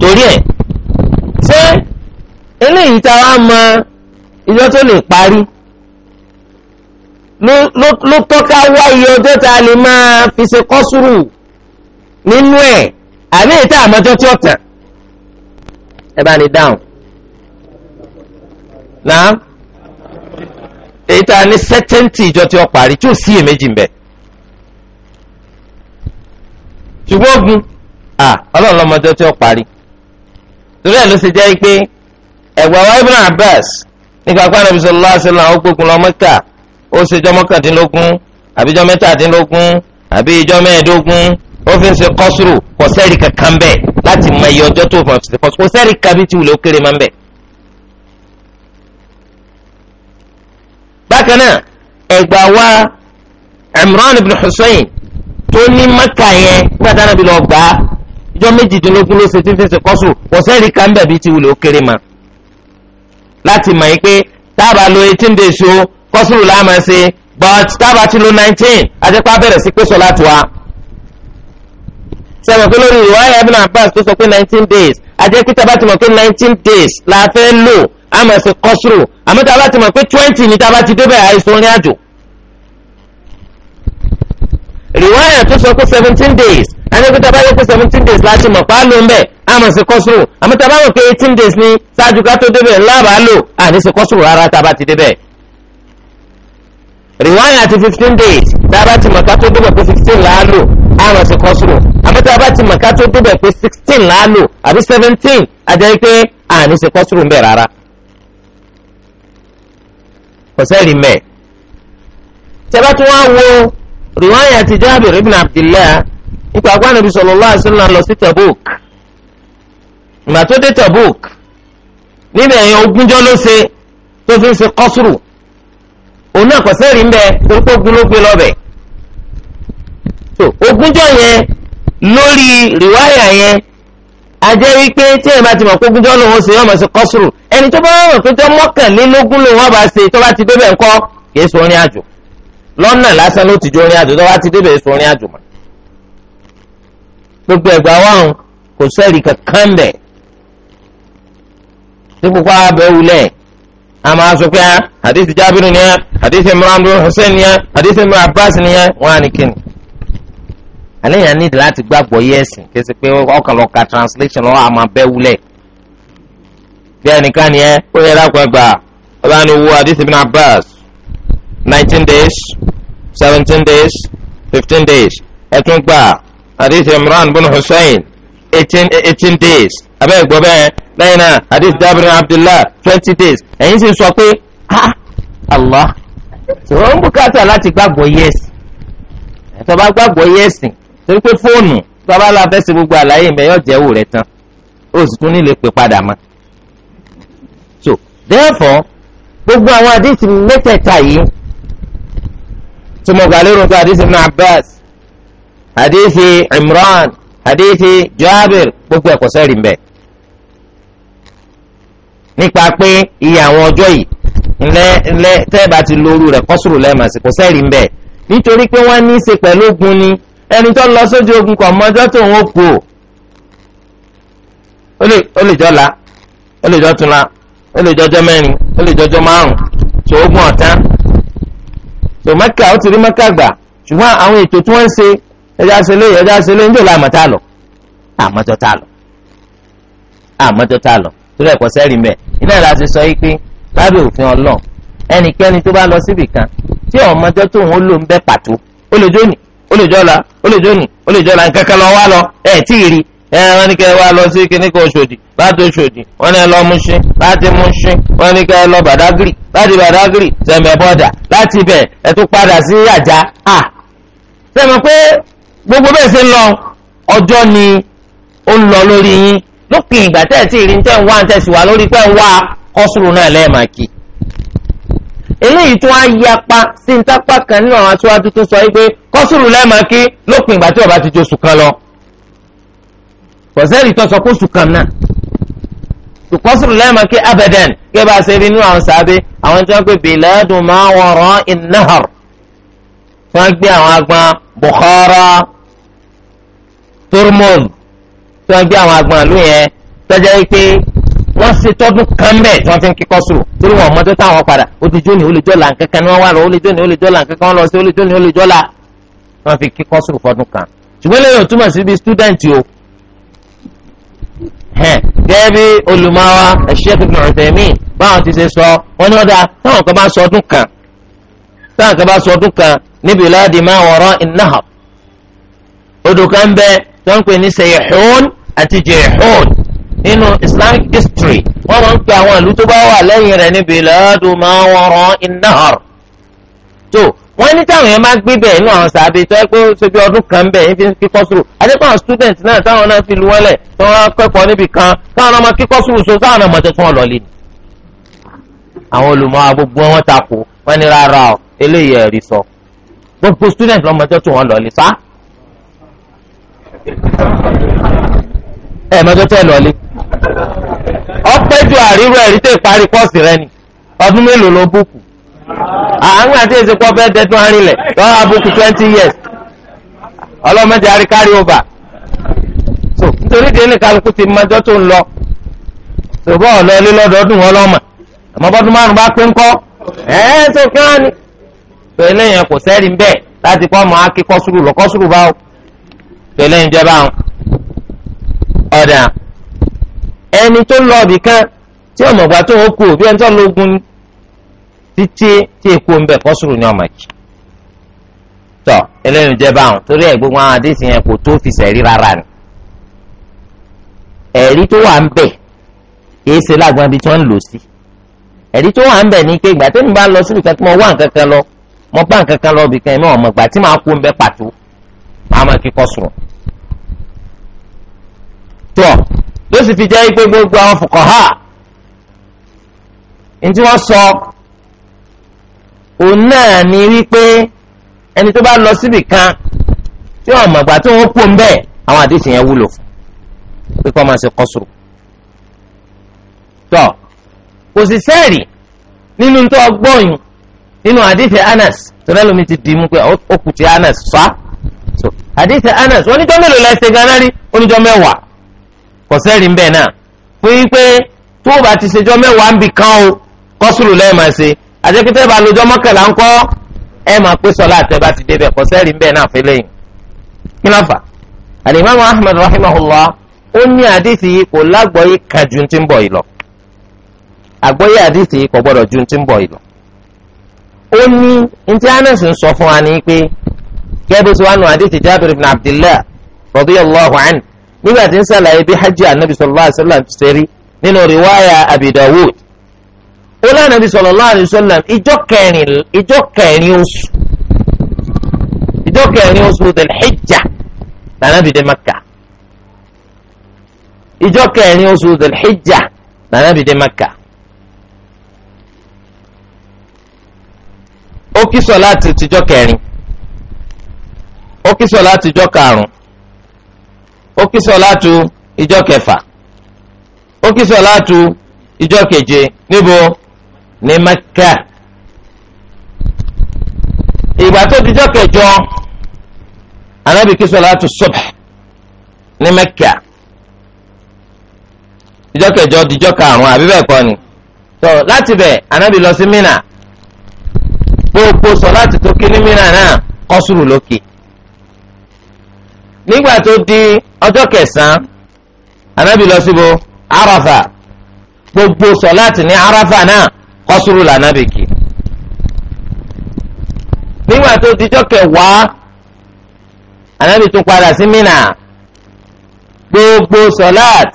A: torí ẹ̀ ṣé eléyìí tá a wá mọ ìjọ tó lè parí ló tọ́ka wá iye ọjọ́ tá a lè máa fi ṣe kọ́sùrù nínú ẹ̀ àbí ìta àmọ́jọ́ tí ó tàn ẹ bá ní dáhùn. náà èyí tá a ní sẹ́tẹ́ǹtì ìjọ tí ó parí tí ò sí iyèméjì ń bẹ ṣùgbọ́n ogun ọlọ́run lọ́mọdé tí ó parí torí ẹ̀ ló ṣe jẹ́ pé ẹ̀gbọ́n wa Ibn Abbas nípa pé Ànábì sallallahu alaihi wasallam ó gbógun lọ Mẹ́kà ó ṣe jọ́ mọ́kàndínlógún àbíjọ́ mẹ́tàdínlógún àbí ìjọ́ mẹ́ẹ̀ẹ́dógún ó fi ń ṣe kọ́sùrù kò sẹ́ẹ̀rì kankan bẹ́ẹ̀ láti mọ iye ọjọ́ tó fọ́n ṣe kọ́sùrù kò sẹ́ẹ̀rì kabi tí wùlé ó kéré máa ń bẹ̀. bákan náà ẹ̀gbà wa Imran ibn Hussein tó ní maka yẹn nígbàtà náà bí lọ gbà á ìjọ méjìdínlógún ló ṣe tí ń fèsì kọ́sù ọ̀sẹ́rì kan bẹ̀bí ti wulẹ̀ ó kéré ma láti mọ̀ yín pé táàbà lo eighteen days o kọ́sù láàmà ṣe but táàbà ti lo nineteen àtẹ́pá bẹ̀rẹ̀ sí pé sọ láti wá. sẹ́wọ̀n pé lórí ìwáyà Ibn Abbas tó sọ pé nineteen days àti pé tábà ti mọ̀ pé nineteen days la fẹ́ lò àmọ̀ ṣe kọ́sù àmọ́ tábà ti mọ̀ pé twenty ni tábà ti débẹ̀ àìsàn orin àjò rìwáyà tó sọ pé seventeen days ẹni tó bá yẹ pé seventeen days láti mọ̀ pa á lò ń bẹ̀ á mọ̀ sí kọ́sùrù àmọ́ tá a bá mọ̀ pé eighteen days ni ṣáájú ká tó débẹ̀ ńlá bá lò àní sí kọ́sùrù rárá tá a bá ti débẹ̀. rìwáyà ti fifteen days tá a bá ti mọ̀ ká tó débẹ̀ pé fifteen là á lò á mọ̀ sí kọ́sùrù àmọ́ bá ti mọ̀ ká tó débẹ̀ pé sixteen là á lò àbí seventeen àjẹ́ pé àní sí kọ́sùrù ń bẹ̀ rárá. kò sẹ́ẹ̀rì mẹ́ẹ̀ tẹ́ riwaya ti Jabir ibn Abdillah nípa àgbà nàbí sallallahu alaihi wasallam lọ sí Tabuk ìgbà tó dé Tabuk níbẹ̀ yẹn ogúnjọ́ ló ṣe tó fi ń ṣe kọ́sùrù òun náà kò sẹ́rìí ń bẹ torí pé ogun ló gbé lọ́bẹ̀ ogúnjọ́ yẹn lórí yẹn ajẹ́ wípé tí ẹ̀ bá ti mọ̀ pé ogúnjọ́ lòun ṣe ọmọ kọ́sùrù ẹni tó bá wọ̀ lọ́nà lásán ló ti jó orin àjò tó wá ti débẹ̀ sọ orin àjò mọ́ gbogbo ẹ̀gbà wọn kò sẹ́ẹ̀rì kankan bẹ̀ tí púpọ̀ abẹ́ wulẹ̀ a máa sọ pé àdìsí jábìrì ni ẹ àdìsí muhammed hussein ni ẹ àdìsí mu abbas ni ẹ wọn á ní kíni. àléyàn ní ìdí láti gbàgbọ́ yẹ́sìn kí ẹ sì pé ọkàn translation lọ́wọ́ a máa bẹ́ wulẹ̀ bí ẹnìkan ni ẹ ó yẹ lápò ẹgbà ọba wo àdìsí ibn abbas nineteen days seventeen days fifteen days ẹtún gbà hadith imran bin hussein eighteen eighteen days abẹ́ ìgbọ́ bẹ́ẹ̀ lẹ́yìn náà hadith jabir abdullah twenty days ẹ̀yin sì sọ pé ha allah tó ń bùkátà láti gbàgbọ́ yẹ́sì ẹ̀tọ́ bá gbàgbọ́ yẹ́sì torí pé fóònù bàbá la fẹ́ ṣe gbogbo àlàyé ìbẹ̀ yóò jẹ́wò rẹ̀ tán ó sì tún nílé pè padà mọ́. so therefore gbogbo àwọn Hadith mẹ́tẹ̀ẹ̀ta yìí ثم mo له lérò pé àdìsí حديث عمران، حديث جابر، àdìsí Jabir به. ẹ̀kọ́ sẹ́rì ń bẹ̀. nípa pé iye àwọn ọjọ́ yìí ńlẹ́ tẹ́ẹ̀bà ti lóru rẹ̀ kọ́sùrù lẹ́ẹ̀mọ̀sí kò sẹ́rì ń bẹ̀ nítorí pé wọ́n ní í ṣe pẹ̀lú ogun ni ẹni tó lọ sójú ogun kọ̀ mọ́jọ́ tó ń kú ó lè jọ́ la ó lè jọ́ tún ó lè jọ́jọ́ mẹ́rin ó lè jọ́jọ́ márùn-ún tó ogun ọ̀tán tó mẹ́kà ó ti rí mẹ́kà gbà ṣùgbọ́n àwọn ètò tí wọ́n ń ṣe ẹja ṣe lé ẹja ṣe lé ń jòlá àmọ́tá lọ àmọ́tọ́ tá lọ àmọ́tọ́ tá lọ torí ẹ̀kọ́ sẹ́rìí mẹ́ iná ìlà ti sọ yìí pé lábẹ́ òfin ọlọ́ọ̀ ẹnikẹ́ni tó bá lọ síbì kan tí ọmọdé tó ń lò ń bẹ́ pàtó ó lè jóni ó lè jọ́la ó lè jóni ó lè jọ́la nǹkan kan lọ wá lọ ẹ̀ tí ì rí ẹ wọ́n ni kẹ́ wá lọ sí kíní kan Ọ̀ṣọ́dì láti Ọ̀ṣọ́dì wọ́n ní ẹ lọ Mùṣín láti Mùṣín wọ́n ní kẹ́ lọ Bàdágìrì láti Bàdágìrì sẹmẹ bọdà láti ibẹ̀ ẹ tún padà sí Àjà à sẹmẹ pé gbogbo bẹ́ẹ̀ ṣe ń lọ ọjọ́ ni ó ń lọ lórí yín lópin ìgbà tẹ́ ẹ̀ tí ìrìn tẹ́ ń wá ń tẹ̀sí wá lórí pé ń wá kọ́sùrù náà lẹ́ẹ̀màkì eléyìí tún á yapa sí ní tápá kan nínú àwọn aṣáájú tó sọ yìí pé kọ́sùrù lẹ́ẹ̀màkì lópin ìgbà tí ọba ti josù kan lọ kọ̀sẹ́rì tó sọ pé oṣù kan náà tùkọ́sùrù lẹ́ẹ̀mọ́ kí abadan kí bá a ṣe rí inú àwọn sábẹ́ àwọn tí wọ́n pè bìlẹ́dùn máa wọ̀rọ̀ ìnáhàr tí wọ́n gbé àwọn agbọn Bukhara Turmuz tí wọ́n gbé àwọn agbọn ìlú yẹn tọ́jà yìí pé wọ́n ṣe tọ́dún kan bẹ́ẹ̀ tí wọ́n fi ń kíkọ́ sùrù torí wọn mọ́tò táwọn padà ó ti jóni ó lè jọ́la nkankan ni wọ́n wà lọ ó lè jóni ó lè jọ́la nkankan lọ gẹ́gẹ́ olùmọ̀wá Sheikh Ibn Uthaymeen báwọn ti ṣe sọ wọn ni wọ́n dáa táwọn kan bá sọ ọdún kan táwọn kan bá sọ ọdún kan ní biladi ma wara'in nahar odò kan bẹ tó ń pè ní Sayhun àti Jayhun nínú Islamic history wọ́n máa ń pe àwọn ìlú tó bá wà lẹ́yìn rẹ̀ ní biladu ma wara'in nahar tó wọ́n ní táwọn yẹn máa gbé bẹ́ẹ̀ inú àwọn sàbẹ̀ tó ẹ pé ṣojú ọdún kan bẹ́ẹ̀ yín fi ń kíkọ́ sùrù àdékọ́ àwọn student náà táwọn náà fi lu wọ́lẹ̀ tí wọ́n kẹ́kọ̀ọ́ níbì kan táwọn náà máa kíkọ́ sùrù so táwọn náà máa tẹ̀ fún ọ̀lọ́lẹ̀ ni. àwọn olùmọ̀ agbègbè wọn takò wọ́n ní rárá o eléyìí ẹ̀rí sọ gbogbo student lọ́mọ tẹ́ tún wọn lọ́lẹ̀ sá. ẹ mọ́tò tẹ́ lọ́lẹ̀ ọpẹ́ ju àríwọ̀ ẹ̀rí tẹ́ parí kọ́ọ̀sì rẹ ni ọdún mélòó ló bùkù àwọn àti èsèpọ̀ fẹ́ dẹ́tún arìnlẹ̀ lọ́wọ́ abúkù twenty years ọlọ́mọdé àríkárí ọba so nítorí délé kálukú ti mọjọ́ tó ń lọ ṣùgbọ́n ọ̀lọ́ ilé lọ́dọọdún ọlọ́mọ àmọ́ bọ́dún márùn-ún bá pé ń kọ́ ẹ̀ẹ́ tó kí wọ́n ní. kò sẹ́rí bẹ́ẹ̀ láti kọ́ ọmọ akí kọ́sùrù lọ kọ́sùrù báwo jẹ́ báwọn. ọ̀dà ẹni tó lọ kan tí títí tí èkó ń bẹ̀ kọ́sùrù ní ọmọ kì tọ́ eléyìí jẹ́ báwọn torí ẹ̀ gbogbo àwọn àdéhùn yẹn kò tó fi sẹ̀rí rárá ni ẹ̀rí tó wà ń bẹ̀ kìí ṣe lágbọ́n ibi tí wọ́n ń lò sí ẹ̀rí tó wà ń bẹ̀ ní pé ìgbà tẹ́mi bá lọ síbi kan tí wá nǹkan kan lọ mo bá nǹkan kan lọ ibì kan náà mo gbà tí màá kú ń bẹ pàtó màá máa kíkọ́ sùn. tọ́ ló sì fi jẹ́ pé gbogbo àwọn fòkàn hà ní wọ́n sọ òun náà ni wípé ẹni tó bá lọ síbì kan tí wọn mọ̀ gbà tí wọn pò ń bẹ́ẹ̀ àwọn àdìsí yẹn wúlò pé kó máa ṣe kọ́sùrù. tọ́ kò sì sẹ́ẹ̀rì nínú tó ọgbọ́n nínú àdìsí Anas tọ́lá lómi ti dì í mú pé ó kù ti Anas fa so àdìsí Anas oníjọ́ mélòó la ṣe ganan rí oníjọ́ mẹ́wàá kò sẹ́ẹ̀rì ń náà fún yín pé tó o bá ti ṣèjọ́ mẹ́wàá ń bì kan o kọ́sùrù lẹ́ẹ̀ máa ṣe àtẹ́kítẹ́ bá lójọ́ mọ́kànlá ńkọ́ ẹ máa pé sọlá àtẹ bá ti débẹ̀ kọ́ sẹ́rì ń bẹ̀ náà fẹ́ lẹ́yìn. kí ló fà alimami ahmed rahimahullah ó ní àdìsí yìí kò lágbọ́yé kan ju ti ń bọ̀ yìí lọ àgbọ́yé àdìsí yìí kò gbọ́dọ̀ ju ti ń bọ̀ yìí lọ. ó ní ntí anas ń sọ fún wa ní pé gẹ́gẹ́ tí wọ́n nu àdìsí jábìrì bin abdillah radiyallahu anhu nígbà tí ń sàlàyé bí hajj anabi sallallahu alayhi ti ṣe rí nínú riwaya abi ó lánàá bí sallallahu alaihi wasallam ìjọ kẹrin ìjọ kẹrin oṣù ìjọ kẹrin oṣù Dhul Hijja lànà bìdé Makkah ìjọ kẹrin oṣù Dhul Hijja lànà bìdé Makkah. ó kí sọláàtì tìjọ kẹrin ó kí sọláàtì ìjọ karùn ó kí sọláàtù ìjọ kẹfà ó kí sọláàtù ìjọ keje níbo. ní Mẹ́kà ìgbà tó dijọ́ kẹjọ anabi kí sọláàtù subh ní Mẹ́kà dijọ́ kẹjọ dijọ́ karùn-ún àbí bẹ́ẹ̀ kọ́ ni Tọ láti bẹ̀ anabi lọ sí mina. gbogbo sọláàtù tó kí ní mina náà kọ́sùrù lókè nígbà tó di ọjọ́ kẹsàn-án anabi lọ síbo Arafa gbogbo solati ní Arafa náà kọ́sùrù lànàbìkì nígbà tó dijọ́ kẹwàá ànábì tún padà sí mínà gbogbo sọláàt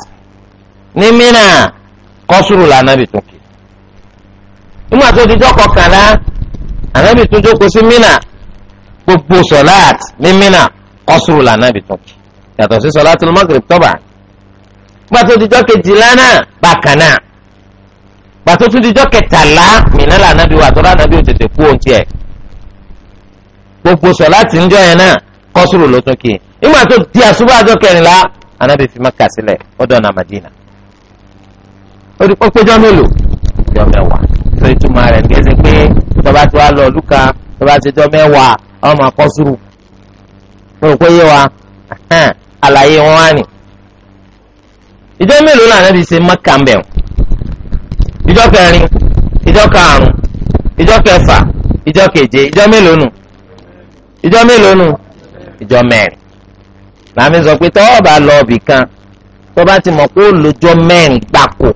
A: ní mínà kọ́sùrù lànàbì tún kì nígbà tó dijọ́ kọkànlá ànábì tún jókòó sí mínà gbogbo sọláàt ní mínà kọ́sùrù lànàbì tún kì yàtọ̀ sí sọláàt lọ́mọ́gìrì tọ́ba nígbà tó dijọ́ kejìlá náà bákan náà. pàtó tún dijọ́ kẹtàlá mìíràn là nàbí wà tó lànàbí ò tètè kú òun tiẹ̀ gbogbo sọ láti ń jọ yẹn náà kọ́sùrù ló tún kì í ìgbà tó di àṣùbà àjọ kẹrìnlá ànábì fi Mákà sílẹ̀ ọdọ̀ ọ̀nà Madina ó di pọ́pẹ́jọ́ mélòó jọ mẹ́wàá tó ìtumọ̀ rẹ̀ kéde pé tọba tí wàá lọ lùkà tọba tí jọ mẹ́wàá ọmọ akọ́sùrù mo rò yé wa àlàyé wọn wá nì ìjọ mélòó ìjọ kẹrin ìjọ karùn ìjọ kẹfà ìjọ keje ìjọ mélòó nù ìjọ mélòó nù ìjọ mẹ́rin làmì sọ pé tọ́wọ́ bá lọ ibì kan tó bá ti mọ̀ pé ó lójọ́ mẹ́rin gbáko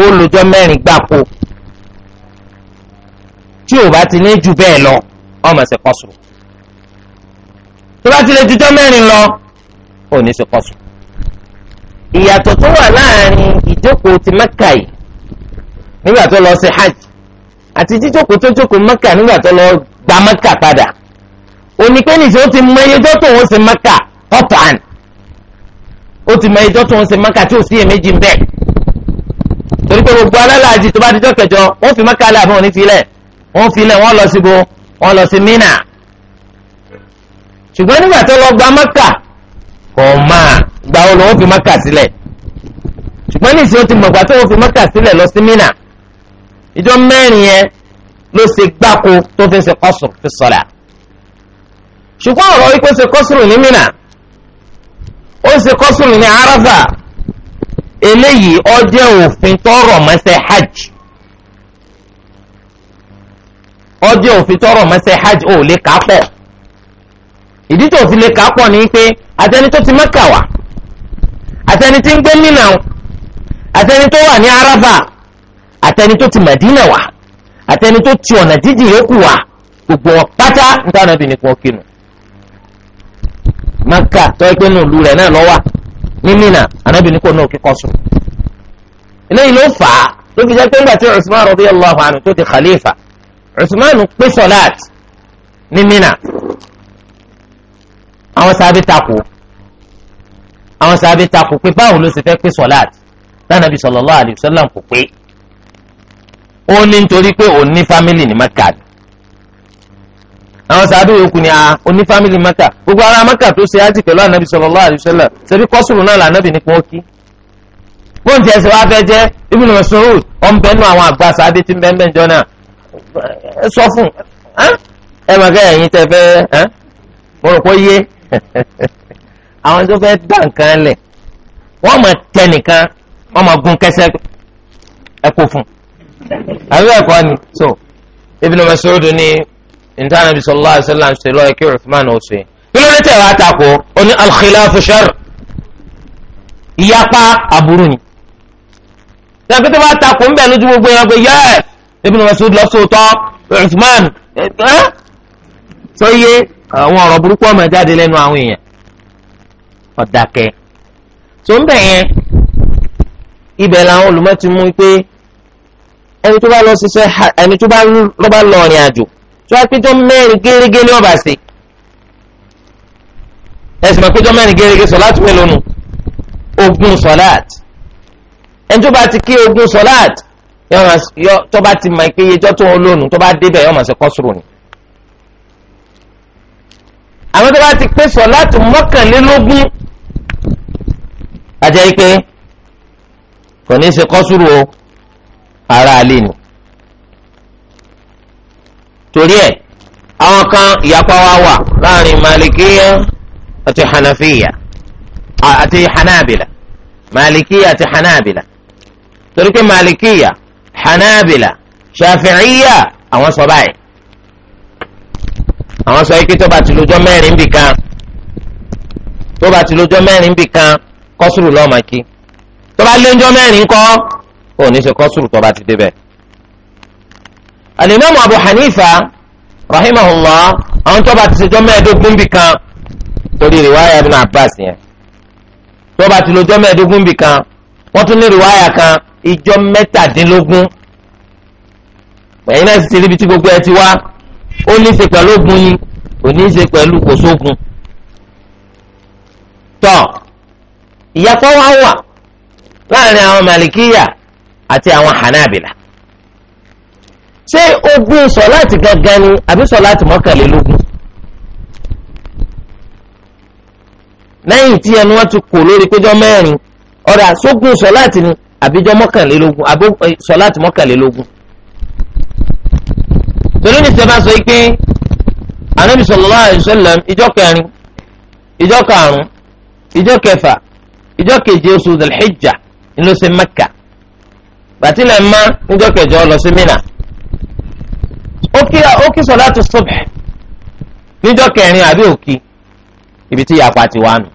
A: ó lójọ́ mẹ́rin gbáko tí ò bá ti ní jù bẹ́ẹ̀ lọ ọmọ ẹsẹ̀ kọ́sùrù tó bá ti lè jùjọ́ mẹ́rin lọ ò ní ṣe kọ́sùrù ìyàtọ̀ tó wà láàrin ìjókòó ti mẹ́kà yìí nígbà tó lọ sí hajj àti jíjókòó tó jókòó mẹ́kà nígbà tó lọ gba mẹ́kà padà oníkẹ́ni tí ó ti mọ ẹyẹjọ́ tó ń ṣe mẹ́kà tọ́tàn ó ti mọ ẹyẹjọ́ tó ń ṣe mẹ́kà tí ò sí èméjì bẹ́ẹ̀ torí pé gbogbo alálàájì tó bá dijọ́ kẹjọ wọ́n fi mẹ́kà lẹ́ àbọ̀ òní filẹ̀ wọ́n filẹ̀ wọ́n lọ síbo wọ́n lọ sí mínà ṣùgbọ́n nígbà tó lọ gba mẹ́kà kò máa. gba wo lòun fi maka sílẹ̀ ṣùgbọ́n ní ìsìn ó ti fi maka sílẹ̀ lọ sí mina. ìjọ mẹ́rin yẹn ló ṣe gbáko tó fi ṣe kọ́sùrù fi sọ̀rọ̀ ṣùgbọ́n ọ̀rọ̀ wípé ṣe kọ́sùrù ní mina ó ṣe kọ́sùrù ní arafa eléyìí òfin tọrọ mọ́sẹ̀ hajj ó òfin tọrọ mọ́sẹ̀ hajj ò lè ìdí tó fi lè kà ni pé àtẹni tó ti wá àtẹni tí ń gbé Mínà o àtẹni tó wà ní Àràfà àtẹni tó ti Mẹdínà wá àtẹni tó ti ọ̀nà gbogbo pátá níta náà Maka tọ́yẹ pé nù rẹ̀ náà lọ́wọ́ ní Mínà ànábì ní náà kíkọ́ sùn eléyìí ló fà á ló fi jẹ́ pé nígbà tí Usman radiyallahu anhu tó di khalifa Usman pé ní àwọn sábẹ́ takò àwọn sàbẹ̀ takò pé báwo ló ṣe fẹ́ pé sọ̀láàtì lánàbí sallallahu alayhi wa sallam kò pé ó ní nítorí pé òun ní fámìlì ní mẹ́kà ni àwọn sàbẹ̀ yòókù ni a ah, oní fámìlì mẹ́kà gbogbo ara mẹ́kà tó ṣe ájì pẹ̀lú ànàbí sallallahu alayhi wa sallam ṣebí kọ́sùrù náà lànàbí ní pọ́ọ́kì bóun tiẹ̀ ṣe wá fẹ́ jẹ́ Ibn Mas'ud ọ̀nbẹ́nu àwọn àgbà sàbẹ̀ tí ń bẹ́ẹ̀ bẹ́ẹ̀ jọ náà sọ fún ẹ ẹ mo *laughs* àwọn tó fẹ́ dá nǹkan lẹ̀ wọ́n máa tẹ nìkan wọ́n máa gun kẹsẹ́ ẹ̀kọ́ fún àbí ẹ̀kọ́ ni so Ibn Mas'ud ni ntaana bi sallallahu alayhi wa sallam ṣe lọ́ọ́ kí Uthman ó ṣe kí ló dé tẹ̀ wá tako ó ní al-khilafu sharr ìyapa aburú ni tẹ̀kítì bá tako ń bẹ̀ lójú gbogbo yẹn pé yẹ́ẹ̀ Ibn Mas'ud lọ sóòótọ́ Uthman ẹ̀ sọ iye àwọn ọ̀rọ̀ burúkú ọmọ jáde lẹ́nu àwọn èèyàn ọ̀dàkẹ́ tó ń bẹ̀ yẹn ibẹ̀ làwọn olùmọ̀ ti mú pé ẹni tó bá lọ ṣiṣẹ́ ẹni tó bá lọ rìn àjò tó wá péjọ mẹ́rin gẹ́gẹ́ ní ọ̀bà sí ẹ̀sìn máa péjọ mẹ́rin gẹ́gẹ́ sọ̀láàtì mélòó nù ogún sọ̀láàtì ẹni tó bá ti kí ogún sọ̀láàtì tó bá ti mọ̀ pé iyejọ́ tó ń lónù tó bá débẹ̀ yọ̀ọ́ máa ṣe kọ́sùrù ni àwọn tó bá ti pé sọ̀láàtì mọ́kànlélógún ajẹ́ pé kò ní í ṣe kọ́sùrù o ara àlè ni torí ẹ̀ àwọn kan ìyapa wa wà láàrin malikiya àti hanafiya àti hanabila malikiya àti hanabila torí pé malikiya hanabila shafi'iya àwọn sọ báyìí àwọn sọ yìí tó bá ti lójọ́ mẹ́rin bì tó bá ti lójọ́ mẹ́rin bì kọ́sùrù lọ́ọ́ máa kí tó bá lé ńjọ́ mẹ́rin kọ́ ò ní ṣe kọ́sùrù tó bá ti débẹ̀. alimami abu hanifa rahimahullah àwọn tó bá ti kan torí riwaya ibn abbas yẹn tó bá ti lójọ́ mẹ́ẹ̀ẹ́dógún bì kan wọ́n tún ní riwaya kan ìjọ mẹ́tàdínlógún ẹ̀yin náà sì ti ríbi tí ti wá ó ní ṣe ogun ní ṣe pẹ̀lú tọ́ ìyapọ̀ wá wà láàrin àwọn malikiya àti àwọn hanabila ṣé ogún sọláàtì gangan ni àbí sọláàtì mọ́kànlélógún lẹ́yìn tí ẹnu wọn ti kò lórí péjọ mẹ́rin ọ̀rọ̀ àsógún sọláàtì ni àbíjọ mọ́kànlélógún àbí sọláàtì mọ́kànlélógún torí ní sẹ́fà sọ pé Ànábì sallallahu alaihi wasallam kẹrin ìjọ karùn-ún ìjọ kẹfà ìjọ keje oṣù zalhijja ló ṣe mẹ́kà bàtílẹ̀ mọ́ níjọ kẹjọ lọ sí mínà ó kí sọ̀látù subh níjọ kẹrin àbí òkì ibi tí yàpá ti wà nù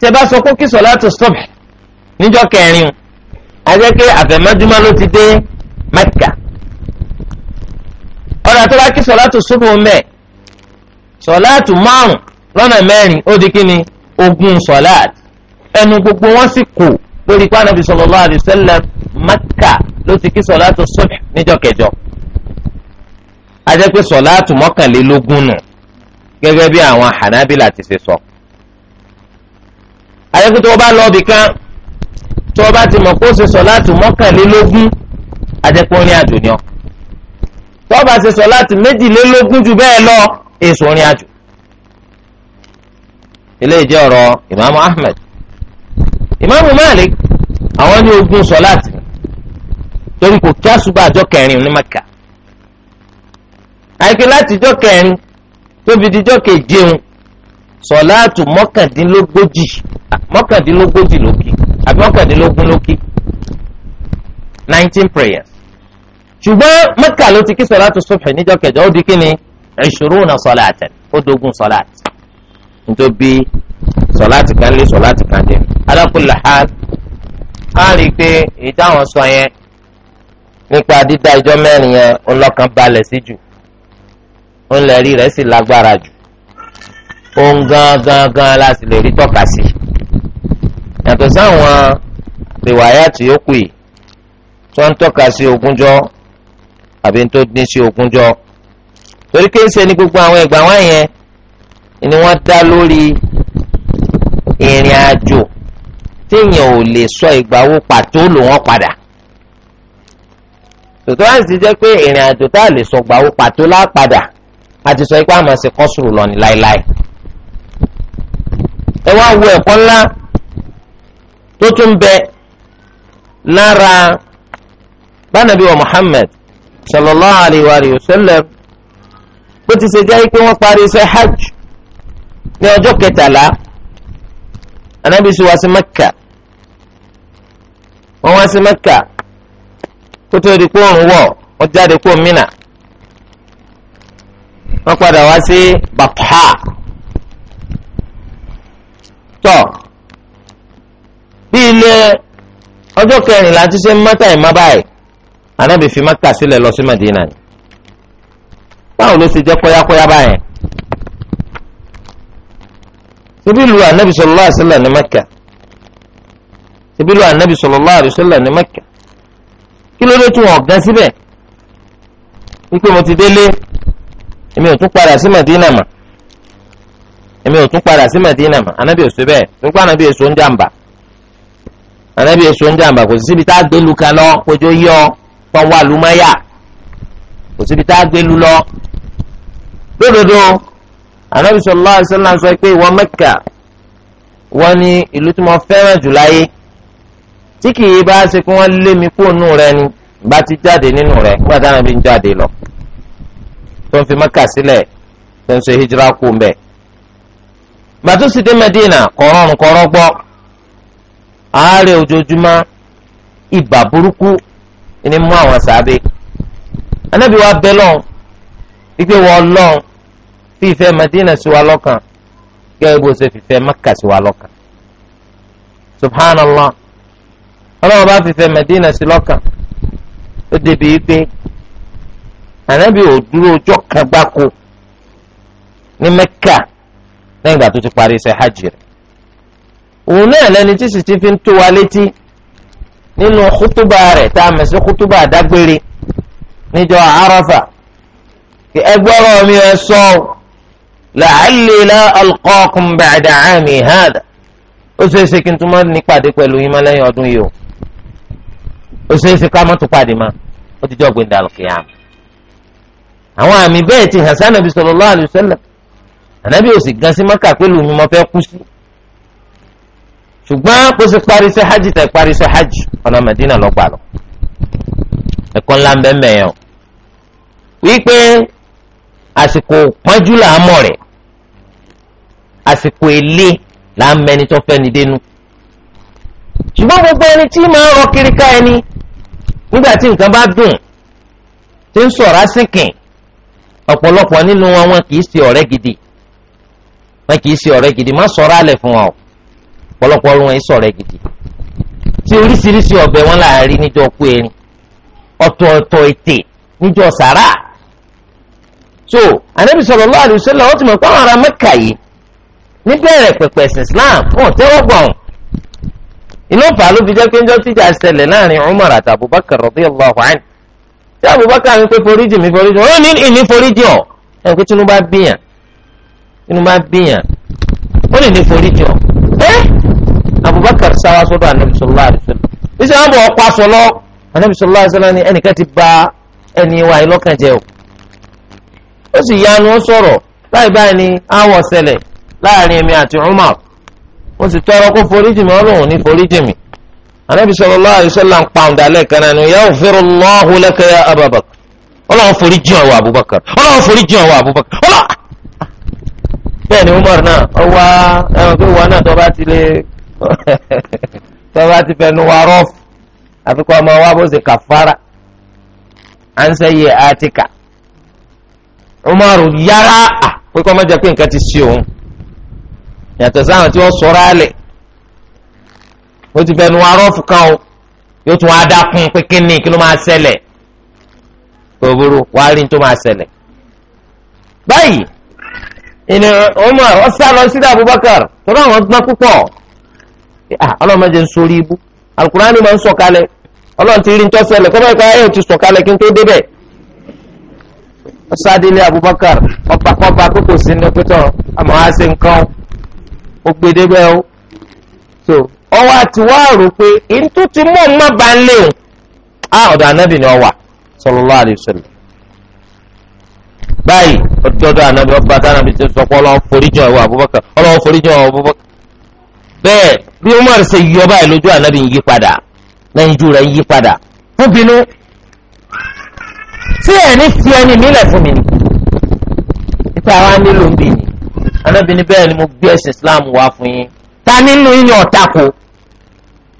A: tẹ bá sọ pé kí sọ̀látù subh níjọ kẹrin ajẹ́kẹ́ àfẹ̀mọ́júmọ́ ló ti dé mẹ́kà ọ̀rọ̀ tó bá kí sọ̀látù subh mẹ́ sọ̀látù márùn lọ́nà mẹ́rin ó di kí ni ogún sọ̀láàt ẹnu gbogbo wọn sì kù lórí pé anabi sallallahu alaihi wasallam Mẹ́kà ló ti kí sọ̀láàtù subh níjọ́ kẹjọ ajẹ́ pé sọ̀láàtù mọ́kànlélógún nù gẹ́gẹ́ bí àwọn Hanabila ti ṣe sọ. ajẹ́ pé tó o bá lọ ibì kan tó o bá ti mọ̀ kó o ṣe sọ̀láàtù mọ́kànlélógún ajẹ́ pé orin àjò ni ọ tó bá ṣe sọ̀láàtù méjìlélógún jù bẹ́ẹ̀ lọ èso orin àjò eléyìí jẹ́ ọ̀rọ̀ ìmáàmù ahmed ìmáàmù malik àwọn ní ogún sọláàtì torí kò kí àṣùbà àjọ kẹrin ní maka àìkè láti jọ kẹrin tóbi díjọ kejìun sọláàtù mọ́kàndínlógójì mọ́kàndínlógójì lókì àbí mọ́kàndínlógún lókì nineteen prayers ṣùgbọ́n maka ló ti kí sọláàtù subhi níjọ kẹjọ ó di kí ni ìṣòro na sọláàtì ó dogun sọláàtì nítorí bí sọláàtì kan lé sọláàtì kan dé alákùlà ha á rí i pé ìdáhùn sọ yẹn nípa dídá ìjọ mẹ́rin yẹn ńlọ́kàn balẹ̀ sí jù ńlẹ̀rí rẹ̀ sì lágbára jù ohun gangan gan la sì lè rí tọ́ka sí yàtọ̀ sáwọn rìwáyà tí ó kù yìí tí wọ́n ń tọ́ka sí ogúnjọ́ àbí tó dín sí ogúnjọ́ torí kéésì ni gbogbo àwọn ìgbà wọ̀nyẹn ni wọ́n dá lórí ìrìn àjò téèyàn ò lè sọ ìgbàwo pàtó ló wọ́n padà tòtò láti ti jẹ́ pé ìrìn àjò tá a lè sọ ìgbàwo pàtó lá padà a ti sọ ipá àmọ́ kọ́sùrù lọ ní láéláé ẹ wá wo ẹ̀kọ́ ńlá tó tún bẹ lára bánàbí wa Muhammad sallallahu alayhi wa sallam bó ti ṣe jẹ́ pé wọ́n parí iṣẹ́ hajj ní ọjọ́ kẹtàlá anabi sọ wá sí mẹ́kà wọ́n wá sí mẹ́kà kó tó di kóòrùn wọ̀ wọ́n jáde kó mìnà wọ́n padà wá sí bàtà tọ́ bí ilé ọjọ́ kẹrìnlá ti ṣe ń mọ́tà ìmọ́ báyìí anabi fi mẹ́kà sílẹ̀ lọ sí madina báwo ló ṣe jẹ́ kọ́yákọ́yá báyẹn ibi lu anabi sallallahu alaihi wasallam ní mẹ́kà ibi lu anabi sallallahu alaihi wasallam ní mẹ́kà kí ló dé tí wọn gan síbẹ̀ wípé mo ti délé èmi ò tún padà sí Madina mà èmi ò tún padà sí Madina mà anabi ò sí bẹ́ẹ̀ nípa anabi èso ń jàǹbá anabi èso ń jàǹbá kò síbi tá a gbé lu kan lọ kójó yọ pọ́n wà lùmọ́yà kò síbi tá a gbé lu lọ lódodo anabi sallallahu alaihi wasallam sọ pé ìwọ Mẹ́kà wọ́n ní ìlú tí mo fẹ́ràn jù láyé tí kì í bá ṣe kí wọ́n lé mi kó nù rẹ ni bá ti jáde nínú rẹ nígbà táwọn bí ń jáde lọ tó ń fi Mẹ́kà sílẹ̀ tó ń ṣe hijira kú mbẹ gbàtó sì Mẹdínà kọrọrùn kọrọ gbọ àárẹ̀ ojoojúmọ́ burúkú ni mú àwọn sábẹ anabi wa bẹ lọ wípé wọ́n lọ́n fífẹ́ Madina sí wa lọ́kàn gẹ́gẹ́ bó ṣe fífẹ́ Makka sí wa lọ́kàn subhanallah ọlọ́run bá fífẹ́ Madina sí lọ́kàn ó débi pé ànábì ò dúró ọjọ́ kan gbáko ní Mẹ́kà lẹ́yìn ìgbà tó ti parí iṣẹ́ hajj rẹ̀ òun náà lẹni tí sì fi ń tó wa létí nínú kútúbà rẹ̀ tá a mọ̀ sí kútúbà àdágbére níjọ́ Àrafà ẹgbọ́rọ̀ mi ẹ sọ ọ́. la'alli la alqaakum ba'da 'ami hadha ó ṣeé ṣe kí n tún máa nípàdé pẹ̀lú yín máa lẹ́yìn ọdún yìí o ó ṣeé ṣe ká má tún pàdé má ó ti jọ́ gbẹ̀dẹ̀ àlùkìyàm. àwọn àmì bẹ́ẹ̀ ti hàn sànàbí sallallahu alaihi wasallam ànábì ò sì gan ńlá ń wípé àsìkò àsìkò èlé là ń mẹni tó fẹ́ ni dénú ṣùgbọ́n gbogbo ẹni tí máa ń rọ kiri ká ẹni nígbà tí nǹkan bá dùn tí ń sọ̀rọ̀ àsìkìn ọ̀pọ̀lọpọ̀ nínú wọn wọn kì í ṣe ọ̀rẹ́ gidi wọn kì í ṣe ọ̀rẹ́ gidi má sọ̀rọ̀ alẹ̀ fún wọn ọ̀pọ̀lọpọ̀ wọn yìí sọ̀rẹ́ gidi tí oríṣiríṣi ọ̀bẹ wọn là ń kú erin ọ̀tọ̀ọ̀tọ̀ ètè níjọ́ sàrà so Ànábì sallallahu alaihi wasallam wọ́n ti mọ̀ pé àwọn ará Mẹ́kà yìí níbẹ̀rẹ̀ pẹ̀pẹ̀ sí islam wọn tẹ́wọ́ gbọ̀n inú fa ló fi jẹ́ pé njọ́ tíjà ṣẹlẹ̀ láàrin umar àti abubakar radiyallahu anhu tí abubakar ń pé foríjì mi foríjì ó ní ìní foríjì ọ ẹ pé tinubu bá bíyàn tinubu bá bíyàn ó ní ìní foríjì ọ ẹ abubakar sáwá sọ́dọ̀ anabi sallallahu alaihi wasallam iṣẹ́ wọn bọ̀ ọ́ pa sọ lọ anabi sallallahu alaihi wasallam ni ẹnìkan ti ba ẹni wa ìlọ́kànjẹ́ o ó sì yanu sọ̀rọ̀ báyìí báyìí ni àwọn ṣẹlẹ̀ láàrin èmi àti Umar mo tọrọ kó foríjì mi Ọlọ́run ní foríjì mi anabi sallallahu alaihi wasallam ń pa ya lẹ́ẹ̀kan náà ni yaghfirullahu ya Abubakar Ọlọ́run foríjì ọ̀wọ̀ Abubakar Ọlọ́run foríjì ọ̀wọ̀ Abubakar Ọlọ́run. bẹ́ẹ̀ ni Umar náà ọwọ́ ẹ̀wọ̀n pé wọn náà ti lè tọ́ba ti fẹnu wa rọ́ọ̀fù àfikún ọmọ wa bó ṣe kàfàrà à ń sẹ́yẹ àtìkà Umar yára pé kọ́ yàtọ̀ sáwọn tí wọ́n sọ̀rọ̀ alẹ̀ ó ti fẹnu arọ́ọ̀fù kan o yóò tún wá dákun pé kí ni kí ló máa ṣẹlẹ̀ kò wàá rí ní tó máa ṣẹlẹ̀. báyìí ìní Umar ó lọ sí Abubakar tọ́lá àwọn gbọ́n púpọ̀ ah, ọlọ́mọdé ń ibú alukurani máa ń sọ̀kalẹ̀ ọlọ́run ti rí ní tó ṣẹlẹ̀ kọ́ báyìí káyọ̀ ti sọ̀kalẹ̀ kí n tó débẹ̀. délé Abubakar ọ̀pàkọ́pà kókò sí ní pẹ́tọ́ àmọ́ nǹkan ó gbé débẹ̀ o so ọwọ́ àti wá rò pé ìtú ti mú ọmọ bá ń léwu á ọ̀dọ̀ anábì ni ọ wà sallallahu alaihi wasallam báyìí ọjọ́dọ̀ anábì ọba tánábì ti sọ pé ọlọ́wọ́ foríjì ọ̀wọ́ Abubakar ọlọ́wọ́ foríjì ọ̀wọ́ Abubakar bẹ́ẹ̀ bí Umar ṣe yọ báyìí lójú anábì ń yí padà lẹ́yìn ju rẹ̀ ń yí padà fún bínú tí ẹ̀ ní fi ẹni mílẹ̀ fún mi ní ìta wa nílò ń bì ní anábì ní ni mo gbé ẹ̀sìn islam wá fún yín ta nínú yín ni ọ̀tá kó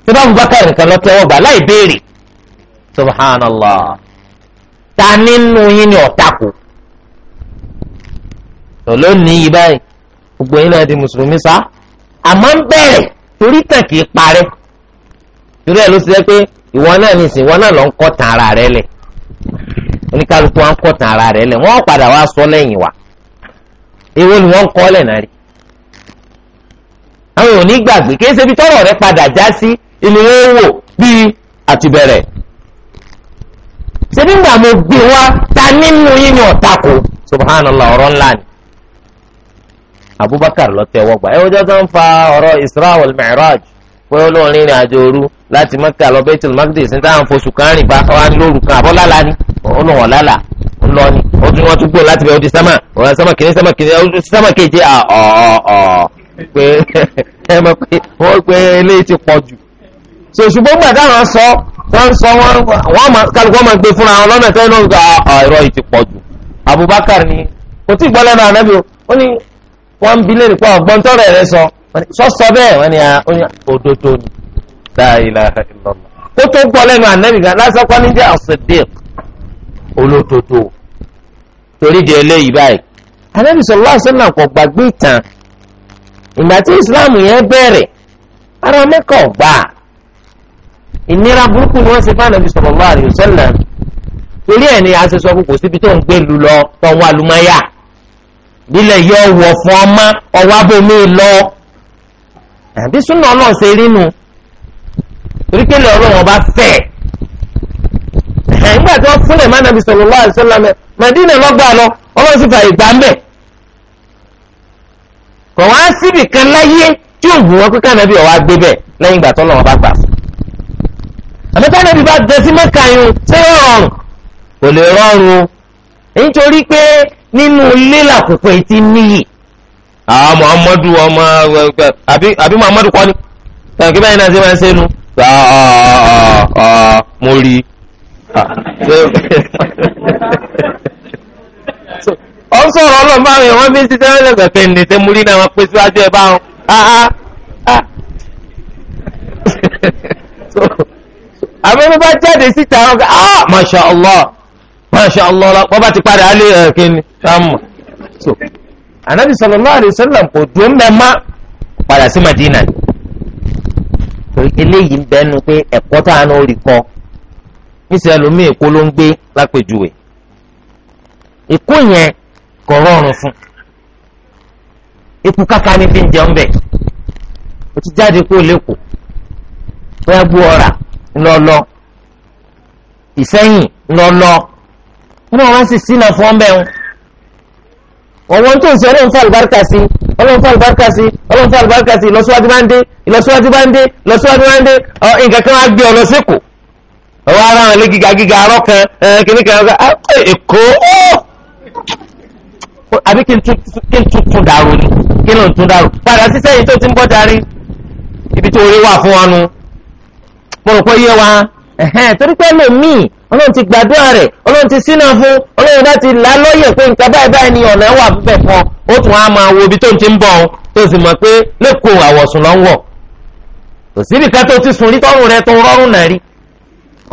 A: tí bá Abubakar nìkan lọ tẹ́wọ́ gbà láì béèrè subhanallah ta nínú yín ni ọ̀tá kó lọ́lọ́nìí yìí báyìí gbogbo yín náà di mùsùlùmí sá àmọ́ ń bẹ̀rẹ̀ torí tàn kì í parẹ́ torí ẹ̀ ló ti jẹ́ pé ìwọ náà ní ìsìn ìwọ náà lọ ń kọ́ tan ara rẹ lẹ̀ oníkálukú wa ń kọ́ tan ara rẹ lẹ̀ wọ́n padà wá sọ lẹ́yìn wa. èwo ni wọn ń kọ́ lẹ̀ náà rí àwọn ò gbàgbé tọrọ rẹ padà já sí ìlú wọn wò bíi àtìbẹ̀rẹ̀ ṣebí ngbà mo gbé ta nínú yín ni ọ̀tako subhanallah ọ̀rọ̀ ni abubakar ló tẹ́wọ́ gbà ẹ wọ́n tó ń fa ọrọ isra wal pé olórin ìrìn àjò láti lọ ní táwọn lọ ni ó tún wọn tún gbó láti bẹ ó di sámà wọn sámà kìíní sámà kìíní ó tún sámà kejì à ọ ọ pé *laughs* ẹ mọ pé wọn pé eléyìí ti pọ̀ jù so ṣùgbọ́n gbà táwọn sọ wọn sọ wọn wọn máa kálukọ́ máa gbé fúnra wọn lọ́nà tẹ́lẹ̀ náà gba ọ̀rọ̀ yìí ti pọ̀ jù Abubakar ni kò tí ì gbọ́ lẹ́nu ànábì o ó ní wọ́n ń bi lè nípa ọ̀gbọ́n tọ́rọ̀ rẹ sọ sọ sọ bẹ́ẹ̀ wọ́n ni, òdodo ni la ilaha illallah kó tó gbọ́ lẹ́nu ànábì gan lásán kọ́ ní jẹ́ as-Siddiq olódodo torí di eléyìí báyìí anabi sallallahu alaihi wasallam kò gbàgbé ìtàn ìgbà tí islam yẹn bẹ̀rẹ̀ ara mẹ́kà ọ̀gbà ìnira burúkú ni wọ́n ṣe fún anabi sallallahu alaihi wasallam torí ẹ̀ ni a ṣe sọ pé kò síbi tó ń gbé lu lọ tó ń lumaya bílẹ̀ yọ wọ̀ fún ọmọ ọwọ́ abomi lọ àbí súnà ọlọ́run ṣe rí torí pé lọ́rọ̀ wọn bá fẹ́ nígbà tí wọ́n fúnlẹ̀ má nàbí sallallahu alaihi wasallam Madina lọ́gbà lọ ọlọ́run sì fààyè gbà ń bẹ̀ kò wá síbì kan láyé tí ò wù wọn pé kánàbí ọ̀wá gbé bẹ̀ lẹ́yìn ìgbà tọ́lọ́ wọn bá gbà fún àmọ́ kánàbí bá jẹ sí mẹ́ka yun ṣé ó rọrùn kò lè rọrùn o nítorí pé nínú ilé làkùkù etí níyì àwọn Muhammadu ọmọ àbí àbí Muhammadu kọ́ni kí báyìí náà ṣe máa ń ṣe nu mo rí i. ọ ń sọ̀rọ̀ ọlọ́mọ àwọn èèyàn wọ́n fi ń ṣiṣẹ́ náà wọ́n pé síwájú ẹ̀ Ha ha. Ha bá jáde síta wọn kà á masha allah masha allah wọ́n bá ti padà alẹ́ ẹ̀ kí sáàmù. anabi sallallahu alaihi wasallam kò dùn mẹ́ má padà sí madina. eléyìí ń pé ẹ̀kọ́ níṣẹ́ ẹlòmíì èkó ló ń gbé lápèjúwe èkó yẹn kò rọrùn fún ikú kàkà ní fi ń jẹun bẹ̀ o ti jáde kó lẹ́kọ̀ọ́ bóyá gbó ọ̀rà ńlọ́lọ́ ìsẹ́yìn ńlọ́lọ́ wọ́n náà wọ́n sì sínà fún ọ́n bẹ́ẹ̀ wọ́n wọ́n tó ń sọ ọlọ́run fún àlùbáríkà sí ọlọ́run fún àlùbáríkà sí ọlọ́run fún àlùbáríkà sí ìlọsíwájú bá ń dé ìlọsíwájú bá ń dé ìlọsíwájú bá ń dé ọ̀ nǹkan kan á gbé ọ lọ sí Èkó. àwọn ará àwọn ilé gíga gíga arọ kan kìnnì kan ah, èkó oh! àbí kí n tún dàrú ni kí n tún dàrú padà sí sẹ́yìn tó ti ń bọ́ ibi tó orí wà fún wọn nu mo rò pé yé wa torí pé lèmi ọlọ́run ti gbàdúrà rẹ̀ ọlọ́run ti sínà fún ọlọ́run láti pé nǹkan báyìí báyìí ni ọ̀nà wà ó tún á tó ń ti bọ̀ tó sì mọ̀ pé lẹ́kọ̀ọ́ àwọ̀sùn lọ́wọ́ kò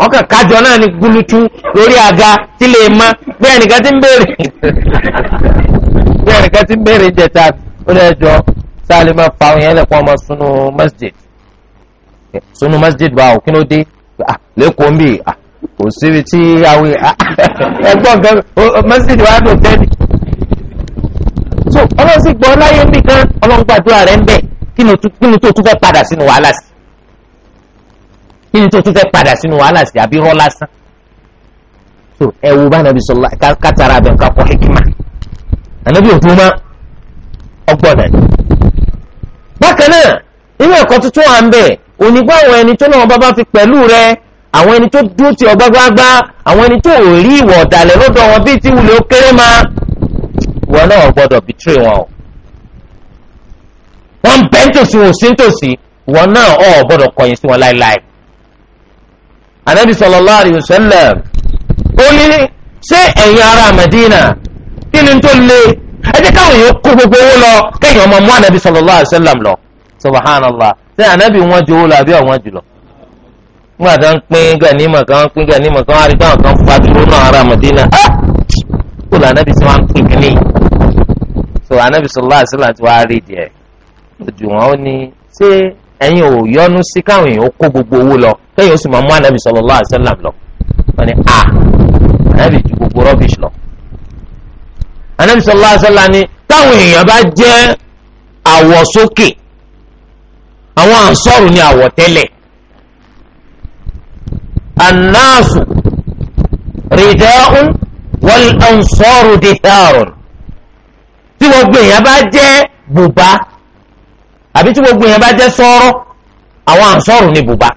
A: wọn kàn kájọ náà ní gulutu lórí àga tí lè mọ bẹ́ẹ̀ nìkan ti ń béèrè bẹ́ẹ̀ nìkan ti ń béèrè jẹta ó lè jọ sáàlì máa fa òyìn ẹlẹ́pọ̀ ọmọ sunu masjid sunu masjid báwo kí ló dé ah, lẹ́kọ̀ọ́ ń bì ah, kò síbi tí awi ah, ẹgbọ́n gan masjid wa dùn tẹ́lẹ̀ so ọlọ́sìn gbọ́ láyé nìkan ọlọ́ngbàdúrà rẹ̀ ń bẹ̀ kí ni tó tún fẹ́ padà sínú wàhálà sí. níbi tó tún fẹ́ padà sínú wàhálà sí àbí rọ́ lásán so ẹ wo bá nàbí sọlá kátàrà abẹ nǹkan kọ hekima ànábì òfin ma ọgbọ́n náà bákan náà nínú ẹ̀kọ́ tuntun à ń bẹ̀ onígbà àwọn ẹni tó náà bábá fi pẹ̀lú rẹ àwọn ẹni tó dúró ti ọgbà gbágbá àwọn ẹni tó rí ìwọ̀ ọ̀dàlẹ̀ lọ́dọ̀ wọn bíi ti wulẹ̀ ó ma wọn náà gbọ́dọ̀ bìtírì wọn o wọn bẹ́ńtòsí wọn ò sí wọn náà ọ̀ gbọ́dọ̀ kọ̀yìn sí wọn láéláé anabi sallallahu alayhi wa sallam ó ní ṣé ẹ̀yin ará Madina kí ni tó le ẹ jẹ́ káwọn èèyàn kó gbogbo owó lọ kéèyàn máa mú anabi sallallahu alayhi wa sallam lọ subhanallah ṣé anabi wọn ju owó lọ àbí ọ̀wọ́n jù lọ nígbà tó ń pín ganima kan pín ganima kan arí táwọn kan fa dúró náà ará Madina ah! kó lọ anabi sọ wọn pín kínní so anabi sallallahu alayhi wa sallam ti wá rí díẹ̀ ojú wọn ó ní ṣé ẹ̀yin ò yọnu sí káwọn èèyàn kó gbogbo owó lọ kéèyàn sì máa mú anabi sallallahu alaihi wasallam lọ wọn ni a ah, anabi ju gbogbo rubbish lọ anabi sallallahu alaihi ni táwọn èèyàn bá jẹ́ àwọ̀sókè àwọn ànsọ́rù ni àwọ̀tẹ́lẹ̀ annaasu ridaun wal ansọ́rù ditharun tí gbogbo èèyàn bá jẹ́ bùbá àbí tí gbogbo yẹn bá jẹ́ sọ́ọ́rọ́ àwọn ànsọ́ọ̀rù ni bùbá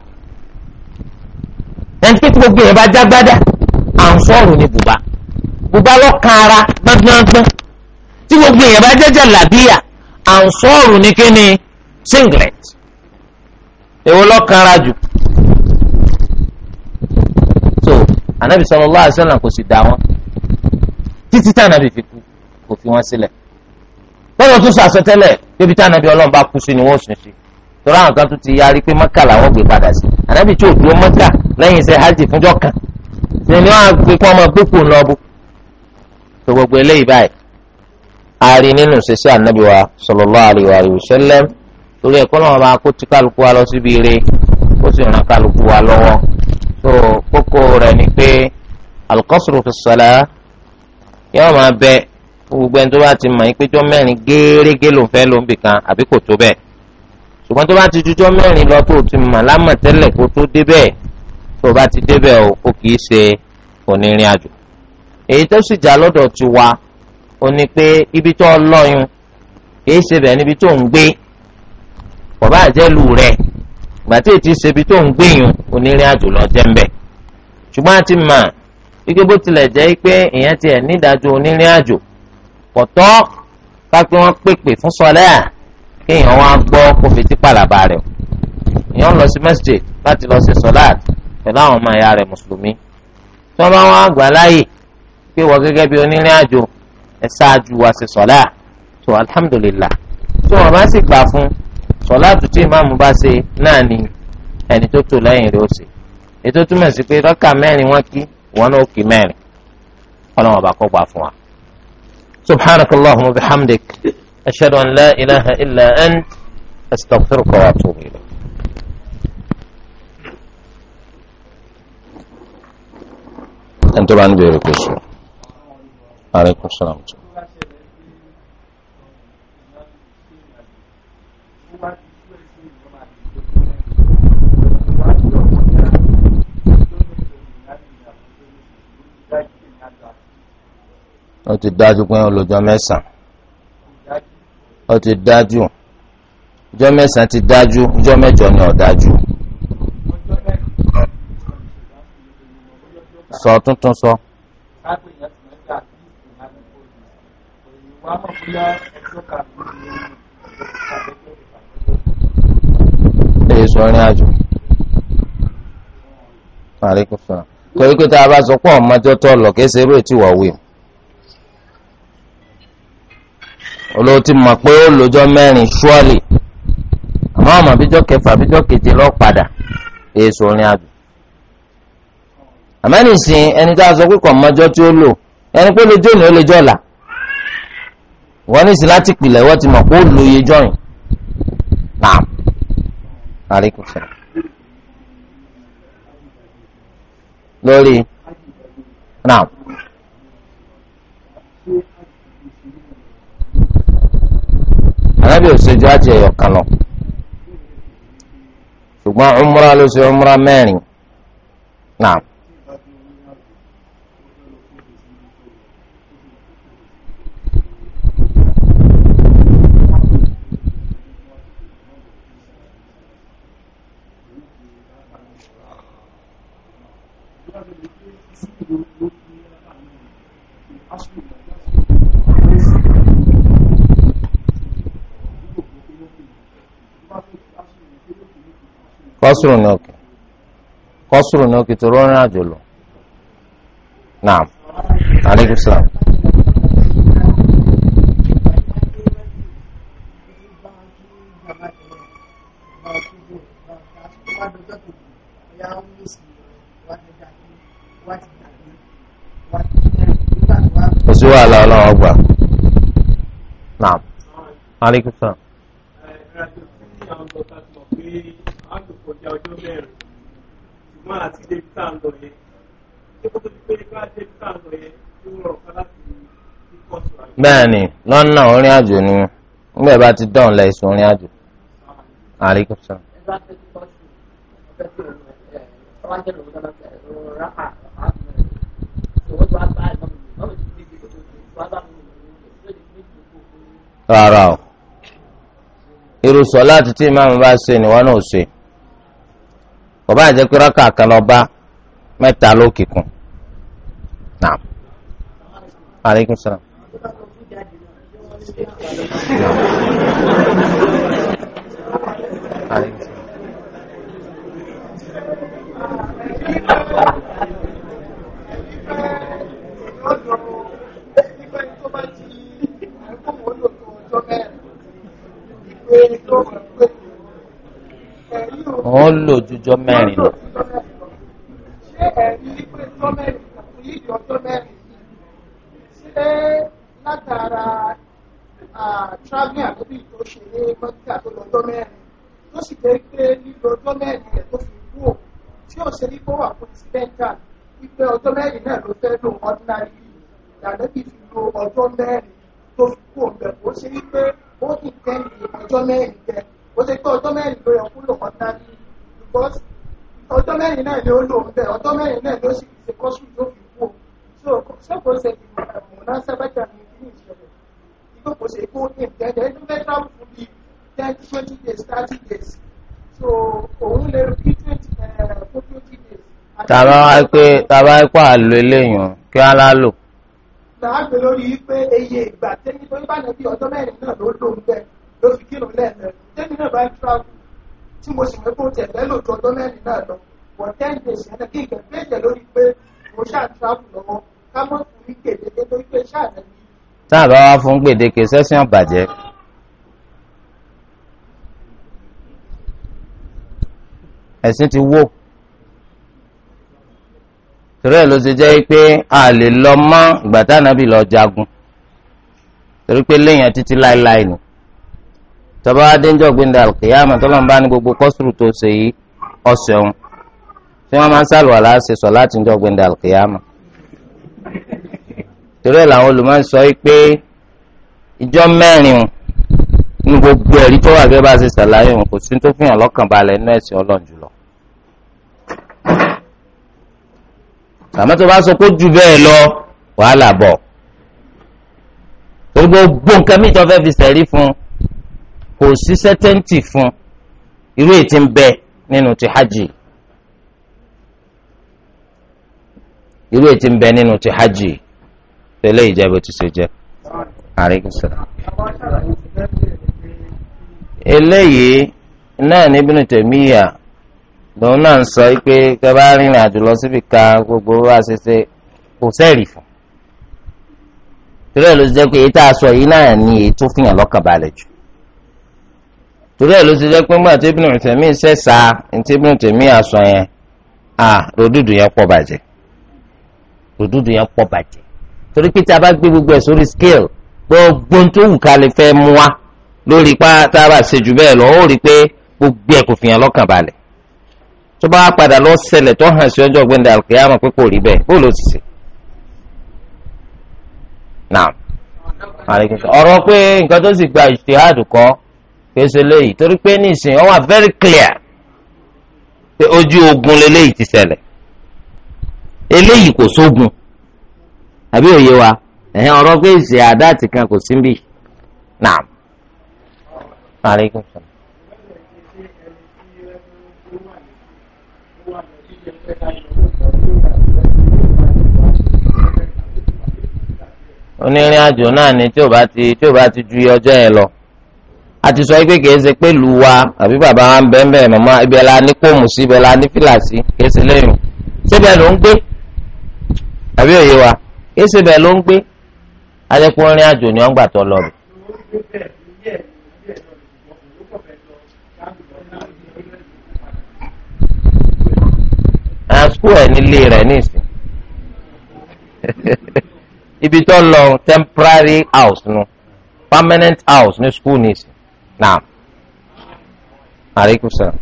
A: ẹni pé tí gbogbo yẹn bá jágbádá ànsọ́ọ̀rù ni bùbá bùbá lọ́kàn ara gbọ́ngbọ́ngbọ́n tí gbogbo yẹn bá jẹ́ jàlábíyà ànsọ́ọ̀rù ni kí ni singlet èwo lọ́kàn jù so anabi sallallahu alaihi wasallam kò sì dá wọn títí tí anabi fi kú kò fi wọn sílẹ̀. Si lọ́dọ̀ tún sàsọtẹ́lẹ̀ bíbi táwọn ẹbí ọlọ́run bá kú sí ni wọ́n sùn sí torí àwọn kan tún ti yarí pé mọ́kà làwọn gbé padà sí ànábì tí ò dúró mọ́kà lẹ́yìn iṣẹ́ hajj fúnjọ́ kan ṣe ni wọ́n á gbé kí wọ́n máa gbépò ńlọ bó tó gbogbo eléyìí báyìí a rí nínú ṣẹṣẹ ànábì wa sallallahu alaihi wa sallam torí ẹ̀kọ́ náà máa kó ti kálukú wa lọ síbi ire ó sì ràn kálukú wa lọ́wọ́ tó kókó rẹ̀ ni pé al-qasru fi s-salah yóò máa bẹ́ẹ̀ gbogbo ẹni tó bá ti mọ̀ pé jọ́ mẹ́rin gẹ́rẹ́gẹ́ ló ń fẹ́ ló ń bì kan àbí kò tó bẹ́ẹ̀ ṣùgbọ́n tó bá ti jujọ́ mẹ́rin lọ tó ti mọ̀ lámọ̀ tẹ́lẹ̀ kó tó débẹ̀ tó bá ti débẹ̀ o ó kì í ṣe onírìn àjò èyí tó sì já lọ́dọ̀ ti wa ó ní pé ibi tó lọ́yún kì í ṣe bẹ̀ níbi tó ń gbé bàbá àjẹlù rẹ̀ gbàtí èyí ṣe ibi tó ń gbéyùn onírìn àjò lọ jẹ́ ń ṣùgbọ́n a ti mọ̀ wípé bó tilẹ̀ jẹ́ pé ìyẹn ti ẹ̀ nídàájọ́ onírìn àjò kọ̀tọ́ kápẹ́ wọn pèpè fún sọlẹ́ à kéèyàn wọn gbọ́ kó fetí pàlàbà rẹ̀ èèyàn lọ sí mẹ́sìtì láti lọ sí sọláàt pẹ̀lú àwọn ọmọ ìyá rẹ̀ mùsùlùmí tí wọ́n bá wọn àgbà láàyè pé wọ́n gẹ́gẹ́ bí onírìn àjò ẹ̀ ṣáájú wa sí sọlá tó alhamdulillah tí wọ́n bá sì gbà fún sọláàtù tí ìmáàmù bá ṣe náà ni ẹni tó tò lẹ́yìn rẹ̀ ó ṣe ètò túmọ̀ sí pé rọ́kà mẹ́rin wọ́n kí wọ́n náà ó kí mẹ́rin ọlọ́wọ́n bá kọ́ gbà fún wa. سبحانك اللهم وبحمدك أشهد أن لا إله إلا أنت أستغفرك وأتوب إليك أنتم عن بيركوسو عليكم السلام ó ti dájú pé olùjọ mẹ́sàn ó ti dájú ọjọ́ mẹ́sàn ti dájú ọjọ́ mẹ́jọ ni ó dájú sọ tuntun sọ. èyí sọ ní àjò torí pé tá a bá sọ pé ọmọdé tó lọ kí ẹ ṣe eré tí wọ́n wí o. olówó ti mọ̀ pé ó lọ́jọ́ mẹ́rin ṣúọ́lì àmọ́ àmọ́ bíjọ́ kẹfà bíjọ́ keje lọ padà èso orin àjò àmọ́ nìsín ẹni tá a sọ pé kò mọ́jọ́ tí ó lò ẹni pé lójú òní ó lè jọ́ là wọ́n ní láti pìlẹ̀ wọ́n ti mọ̀ pé ó iye jọ́yìn naam lórí naam. anábì òṣèjú àti ẹ̀yọ̀ kan lọ ṣùgbọ́n umra ló ṣe umra mẹ́rin náà. Thank kọ́sùrù ní òkè kọ́sùrù ní òkè tó rọrùn àjò ìjà àti débi tá lọ yẹn ṣé kó tó ti pé ipá débi tá lọ yẹn lọ́nà orin àjò ni nígbà ti dán lẹ ìsùn orin àjò rárá láti tí ìmáàmù bá ṣe ni wọn náà bàbá àjẹ pé rákà kan lọ bá mẹ́ta ló kíkún naam aleykum salaam. Thank you òun lò jújọ́ mẹ́rin lọ.
B: ṣé ẹ̀rí pé jọ́ mẹ́rin kò yí di ọjọ́ mẹ́rin ṣé látara traveling àtọ́bí tó ṣe ní mọ́tíkà tó lọ́jọ́ mẹ́rin tó sì jẹ́ pé lílo ọjọ́ mẹ́rin rẹ̀ tó fi kú ò tí ò ṣe ní kó wà fún ìsìlẹ̀ńtà wípé ọjọ́ mẹ́rin náà ló fẹ́ lò ordinary ìdáná bí fi lo ọjọ́ mẹ́rin tó fi kú òǹbẹ̀ ṣe wípé ó kì tẹ́lẹ̀ ọjọ́ mẹ́rin jẹ ó ṣe pé ọjọ́ mẹ́rin ló yẹ kó lò kọjá ní because ọjọ́ mẹ́rin náà ni ó lò ń bẹ̀ ọjọ́ mẹ́rin náà ló sì ṣe kọ́sù yóò fi kú o so o ṣe ìmọ̀ràn sábàtà ní ìlú ìṣẹ̀lẹ̀ ìgbà kò ṣe kó ní ìtẹ́jẹ́ inú mẹ́ta fún bí ten twenty days thirty days so òun lè rí twenty eh, forty days. tàbá
A: wá pé tàbá wá pé àlò eléyìí kí á lá lò.
B: làá gbé lórí pé eye ìgbà tẹ́ni tó bá ló fi kírun lẹ́ẹ̀mẹ́ tẹ́lẹ̀ náà bá ń tíráàbù tí mo sì mẹ́kún tẹ̀lé lòtú ọdún mẹ́rin náà lọ wọ́n ten days yẹn náà kí ìgbẹ́ péjẹ lórí pé mo ṣáà tíráàbù lọ́wọ́ ká mọ́ fún mi gbèdéke lórí pé ṣáà rẹ̀ ni.
A: tá a bá wá fún gbèdéke sẹ́sìn ọ̀bàjẹ́. ẹ̀sìn ti wó torí ẹ̀ ló ṣe jẹ́ pé a lè lọ mọ́ ìgbà tá ànábì lọ jagun torí pé léèyàn títí láéláé ni tọba adéńjọ gbẹndẹ alùkìyàmà tọlọm bá ní gbogbo kọsùrù tó ṣe yìí ọsẹun tí wọn máa ń sàlùwà láàṣẹ sọ láti ń jọ gbẹndẹ alùkìyàmà torí ẹ làwọn olùmọ̀ sọ pé ìjọ mẹ́rin ní gbogbo ẹ̀rí tó wà gẹ́gẹ́ bá ṣe ṣàlàyé òun kò sí tó fi hàn lọ́kàn balẹ̀ nínú ẹ̀sìn ọlọ́run jùlọ. àmọ́ tó bá sọ pé jù bẹ́ẹ̀ lọ wàhálà bọ̀ gbogbo nǹkan mìíràn fẹ́ fi sẹ̀rí fún un kò sí sẹ́tẹ́ǹtì fún irú ètí ń bẹ nínú ti hajj irú ètí ń bẹ nínú ti hajj tẹ̀lé ìjẹ́bù ti ṣe jẹ́ àríkùsọ̀rọ̀. eléyìí náà ní Ibn Taymiyyah lòun náà ń sọ pé kẹ́bá rìnrìn àjò lọ síbi gbogbo wa ṣe ṣe kò sẹ́ẹ̀rì fún. torí ló jẹ́ pé èyí tá a sọ yìí náà ní fìyàn jù. torí ẹ̀ ló ti jẹ́ pé mọ́tò Ibn Uthaymeen sẹ́sà ntí Ibn Uthaymeen àsọ yẹn à ròdùdù yẹn pọ̀ bàjẹ́ ròdùdù yẹn torí pé a bá gbé gbogbo ẹ̀ sórí scale gbogbo tó wù ká lè mú wa pa tá a bá ṣe jù bẹ́ẹ̀ lọ ó rí i pé gbogbo ẹ̀ kò fi hàn lọ́kàn balẹ̀ tó bá padà lọ tó hàn kèsè léyìí torí pé nísìnyí ó very clear pé ojú ogun leléyìí ti ṣẹlẹ̀ eléyìí kò sógun àbí òye wa ẹ̀hìn ọ̀rọ̀ pé ìṣe àdáàtì kan kò sí náà. onírìn àjò náà ni ti tí ò bá ti ju ọjọ́ yẹn lọ. a ti sọ pé kìí ṣe pé lu wa àbí bàbá wa ń bẹ́ẹ̀ bẹ́ẹ̀ màmá ibẹ̀ la ní kóòmù sí ibẹ̀ la ní fìlà sí kìí ṣe lẹ́yìn síbẹ̀ ló ń gbé àbí òye wa kìí ṣe bẹ́ẹ̀ ló ń gbé adékùnrin àjò ni wọ́n gbà tọ́ lọ. àsùkú ẹ̀ nílé rẹ̀ nísìn *laughs* ibi tó lọ temporary house nu permanent house ní school nísìn naam aleykum salaam.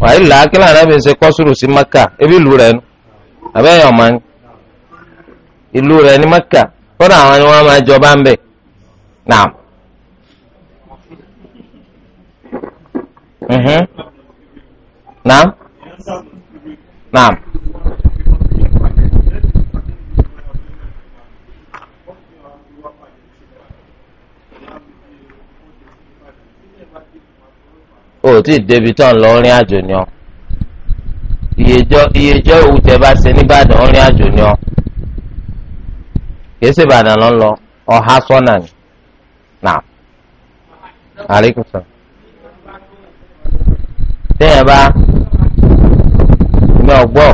A: wàyí làákìlà náà fi ṣe kọ́sùrù sí maka ebi ìlú rẹ̀ nu abẹ́yẹn ọ̀ma ni ìlú rẹ̀ ní maka kọ́dà àwọn ni wọ́n máa jọba ń bẹ̀ naam. Mhm. naam naam. o tí ì débi tó ń lọ orin àjò ni ọ iyejọ òwú tẹ bá ṣe nìbàdàn orin àjò ni ọ kìí ṣe ìbàdàn lọ lọ ọha sọnà ni nà àríkù sọ. téèyàn bá mi ò gbọ́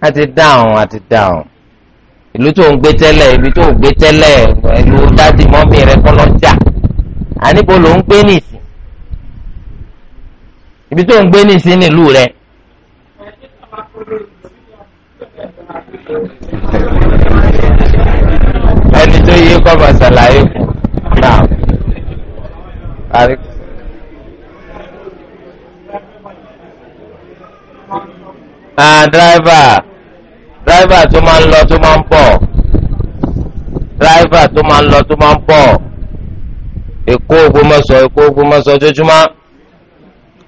A: a ti dáhùn a ti dáhùn ìlú tó ń gbé tẹ́lẹ̀ ibi tó ń gbé tẹ́lẹ̀ ìlú dádì mọ́mí rẹ kọ́ lọ́jà àníbo ló ń gbé nìsín ibi tó ń gbé nìsín nílùú rẹ. ẹni tó yẹ kọ́ bá ṣàlàyé fún náà. Ah, driver. dráìvà tó máa ń lọ tó máa ń bọ̀ dráìvà tó máa ń lọ tó máa ń bọ̀ Èkó Èkó ojoojúmọ́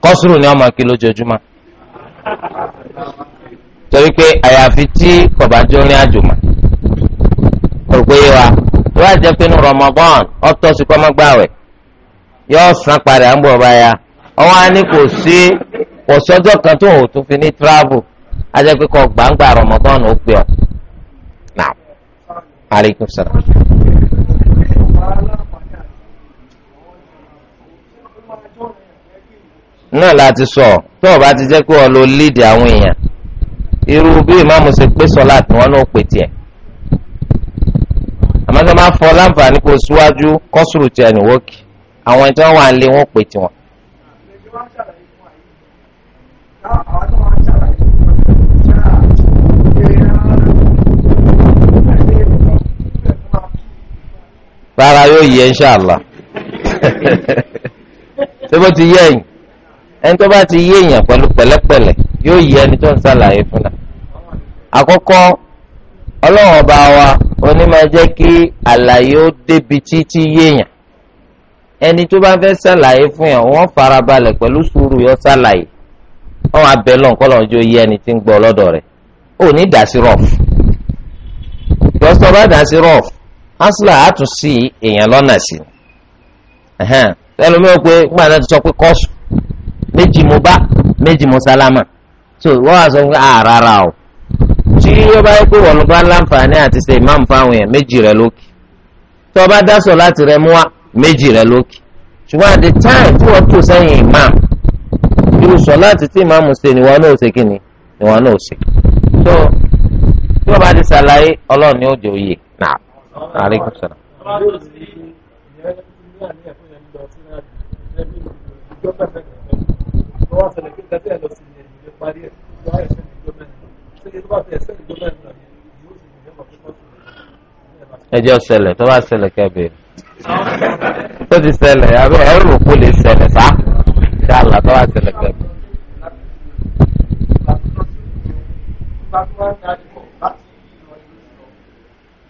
A: kọ́sùrù ni wọ́n máa kí lójoojúmọ́ torí pé àyàfi tí kọ̀bájú rìn àjò mà ó pé wa wọ́n á jẹ́ pé ní Ramadan san padà ń bọ̀ báyà ọ̀wọ́n á ní kò sí kò sọ́jọ́ kan tó ò fi ní ajẹ́ pé kọ́ gbàǹgbà Ramadan ó pè ọ́ náà salaam. náà láti sọ tó o bá ọ lo lead àwọn èèyàn irú bí ìmáàmù ṣe pé sọlá tí wọn náà pè tiẹ̀ àmọ́ tó fọ láǹfààní kó síwájú kọ́sùrù yẹ inṣàlá *laughs* ṣé bó ti yẹ ẹ̀yìn ẹni tó bá ti yé èèyàn pẹ̀lú pẹ̀lẹ́pẹ̀lẹ́ yóò yẹ ẹni tó ń ṣàlàyé fún la. àkọ́kọ́ ọlọ́run ọba wa onímọ̀ jẹ́ kí àlàyé ó débi títí yé èèyàn ẹni tó bá fẹ́ ṣàlàyé fún yàn wọ́n farabalẹ̀ pẹ̀lú sùúrù yọ ṣàlàyé ọ̀hún abẹ́lọ̀ nǹkan lọ́n jó yé ẹni tí ń gbọ́ lọ́dọ̀ rẹ̀ ò ní dàsí rọ̀f lọ́sọ̀ bá dàsí rọ̀f asla àtún sí èèyàn lọ́nà sí ẹlòmíràn pé gbọ́dọ̀ náà ti sọ pé kọ́ọ̀sù méjì mo bá méjì mo sálámà so wọ́n á sọ pé àràrà o tí yóò bá yẹ pé wọ́n bá láǹfààní àti ṣe ìmáàmù fáwọn èèyàn méjì rẹ lókè tó o bá dásọ láti rẹ mú wa méjì rẹ lókè ṣùgbọ́n at the time tí wọ́n tò sẹ́yìn ìmáàmù irú sọ láti tí ìmáàmù ṣe ni wọn náà ṣe kí ni ni wọn náà ṣe so tí wọ́n bá ti ṣàlàyé ọlọ́run ni ó aleykum salaam. ẹjọ́ ṣẹlẹ̀ tó bá ṣẹlẹ̀ kẹ́bẹ̀ tó ti ṣẹlẹ̀ abẹ́ ẹrù kó lè ṣẹlẹ̀ sá ṣáàlà tó bá ṣẹlẹ̀ kẹ́bẹ̀.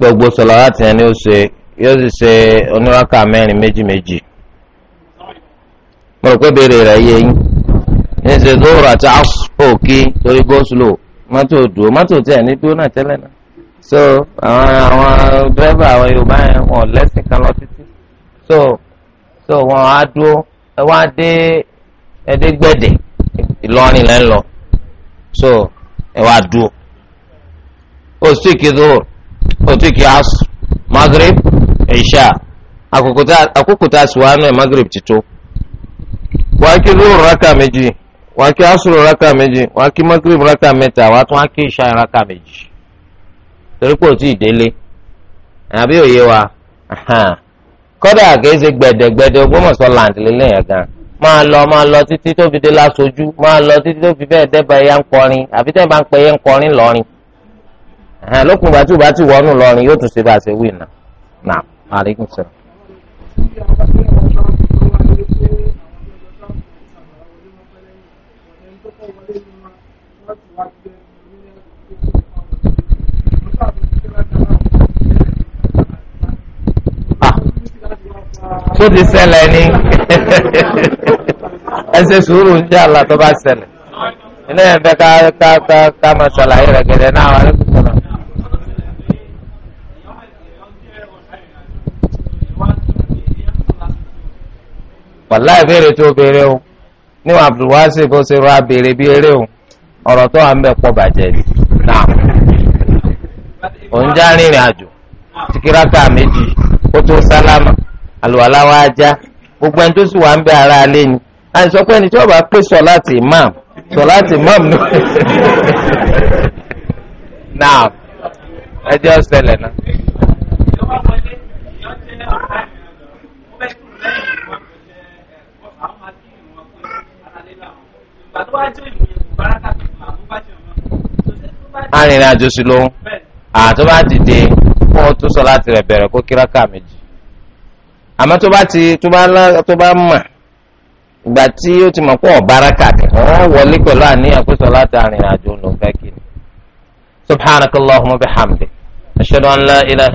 A: gbogbo sọlọ́wọ́tì yẹn ni ó ṣe yóò sì ṣe oníraka mẹ́rin méjì méjì mo rò pé béèrè rẹ̀ yé yín ní ṣe zuhur àti asu òkè torí goslo mọ́tò dùn mọ́tò tẹ̀ ní dúró náà tẹ́lẹ̀ náà so àwọn àwọn dírẹ́fà àwọn Yorùbá yẹn wọn lẹ́sìn kan lọ títí so so wọn á dúró ẹ wá dé ẹdẹgbẹdẹ Ìlọrin lẹ́ ń lọ so ẹ wá dúró ó sì kí zuhur òtún kí asr maghrib isha àkókò tá a sì wá nù ẹ̀ maghrib ti tó wàá kí lóòrùn rákà méjì wàá kí asúrò rákà méjì wàá kí magrib rákà mẹ́ta wàá tún á kí ìṣá rákà méjì torí pé ò tí ì délé àbí òye wa kódà kèése gbẹ̀dẹ̀gbẹ̀dẹ̀ Ògbómọ̀ṣọ́ làǹdì lélẹ́yìn gan máa lọ máa lọ títí tó fi dé lásojú máa lọ títí tó fi bẹ́ẹ̀ dẹ́ba ẹ̀yà ń kọrin àbí tẹ́ẹ̀ bá ń pẹ́ ẹ̀yà ń kọrin lọ́rin ẹ̀hán lókun ìgbà tí ìgbà tí wọ́n nù lọ́rin yóò tún ṣe bá a ṣe wí náà náà maaleykum salaam. Ah, tó ti ṣẹlẹ̀ ni *laughs* ẹsẹ̀ sùúrù ń jà látọ́ bá ṣẹlẹ̀ ilé ẹ̀fẹ́ ká ká ká ká máa ṣàlàyé rẹ̀ gẹ̀dẹ̀ náà wà lẹ́kọ̀ọ́. wàláì béèrè tó béèrè o níwọ̀n abdulwasi bó ṣe rọ abèrè bí eré o ọ̀rọ̀ tó wà ń bẹ pọ̀ bàjẹ́ ni náà òun já rìnrìn àjò tìkírátà méjì ó tó sálámà àlùwàlá wa já gbogbo ẹni tó sì wà ń bẹ ara alẹ́ ni àti sọ pé ẹni tí wọ́n bá pè sọ láti imam sọ láti imam náà ẹjẹ́ arìnrìn àjò sí lóhùn àtọ́ bá ti dé kó o tún sọ láti rẹ̀ bẹ̀rẹ̀ kó kíráka méjì àmọ́ tó bá ti tó bá lá tó bá mà ìgbà tí ó ti mọ̀ pé ọ̀ báraka kẹ̀ ọ́ wọlé pẹ̀lú àníyàn pé sọ láti arìnrìn àjò ló fẹ́ kí ni subhanakallahumma bihamdi
B: ashhadu an la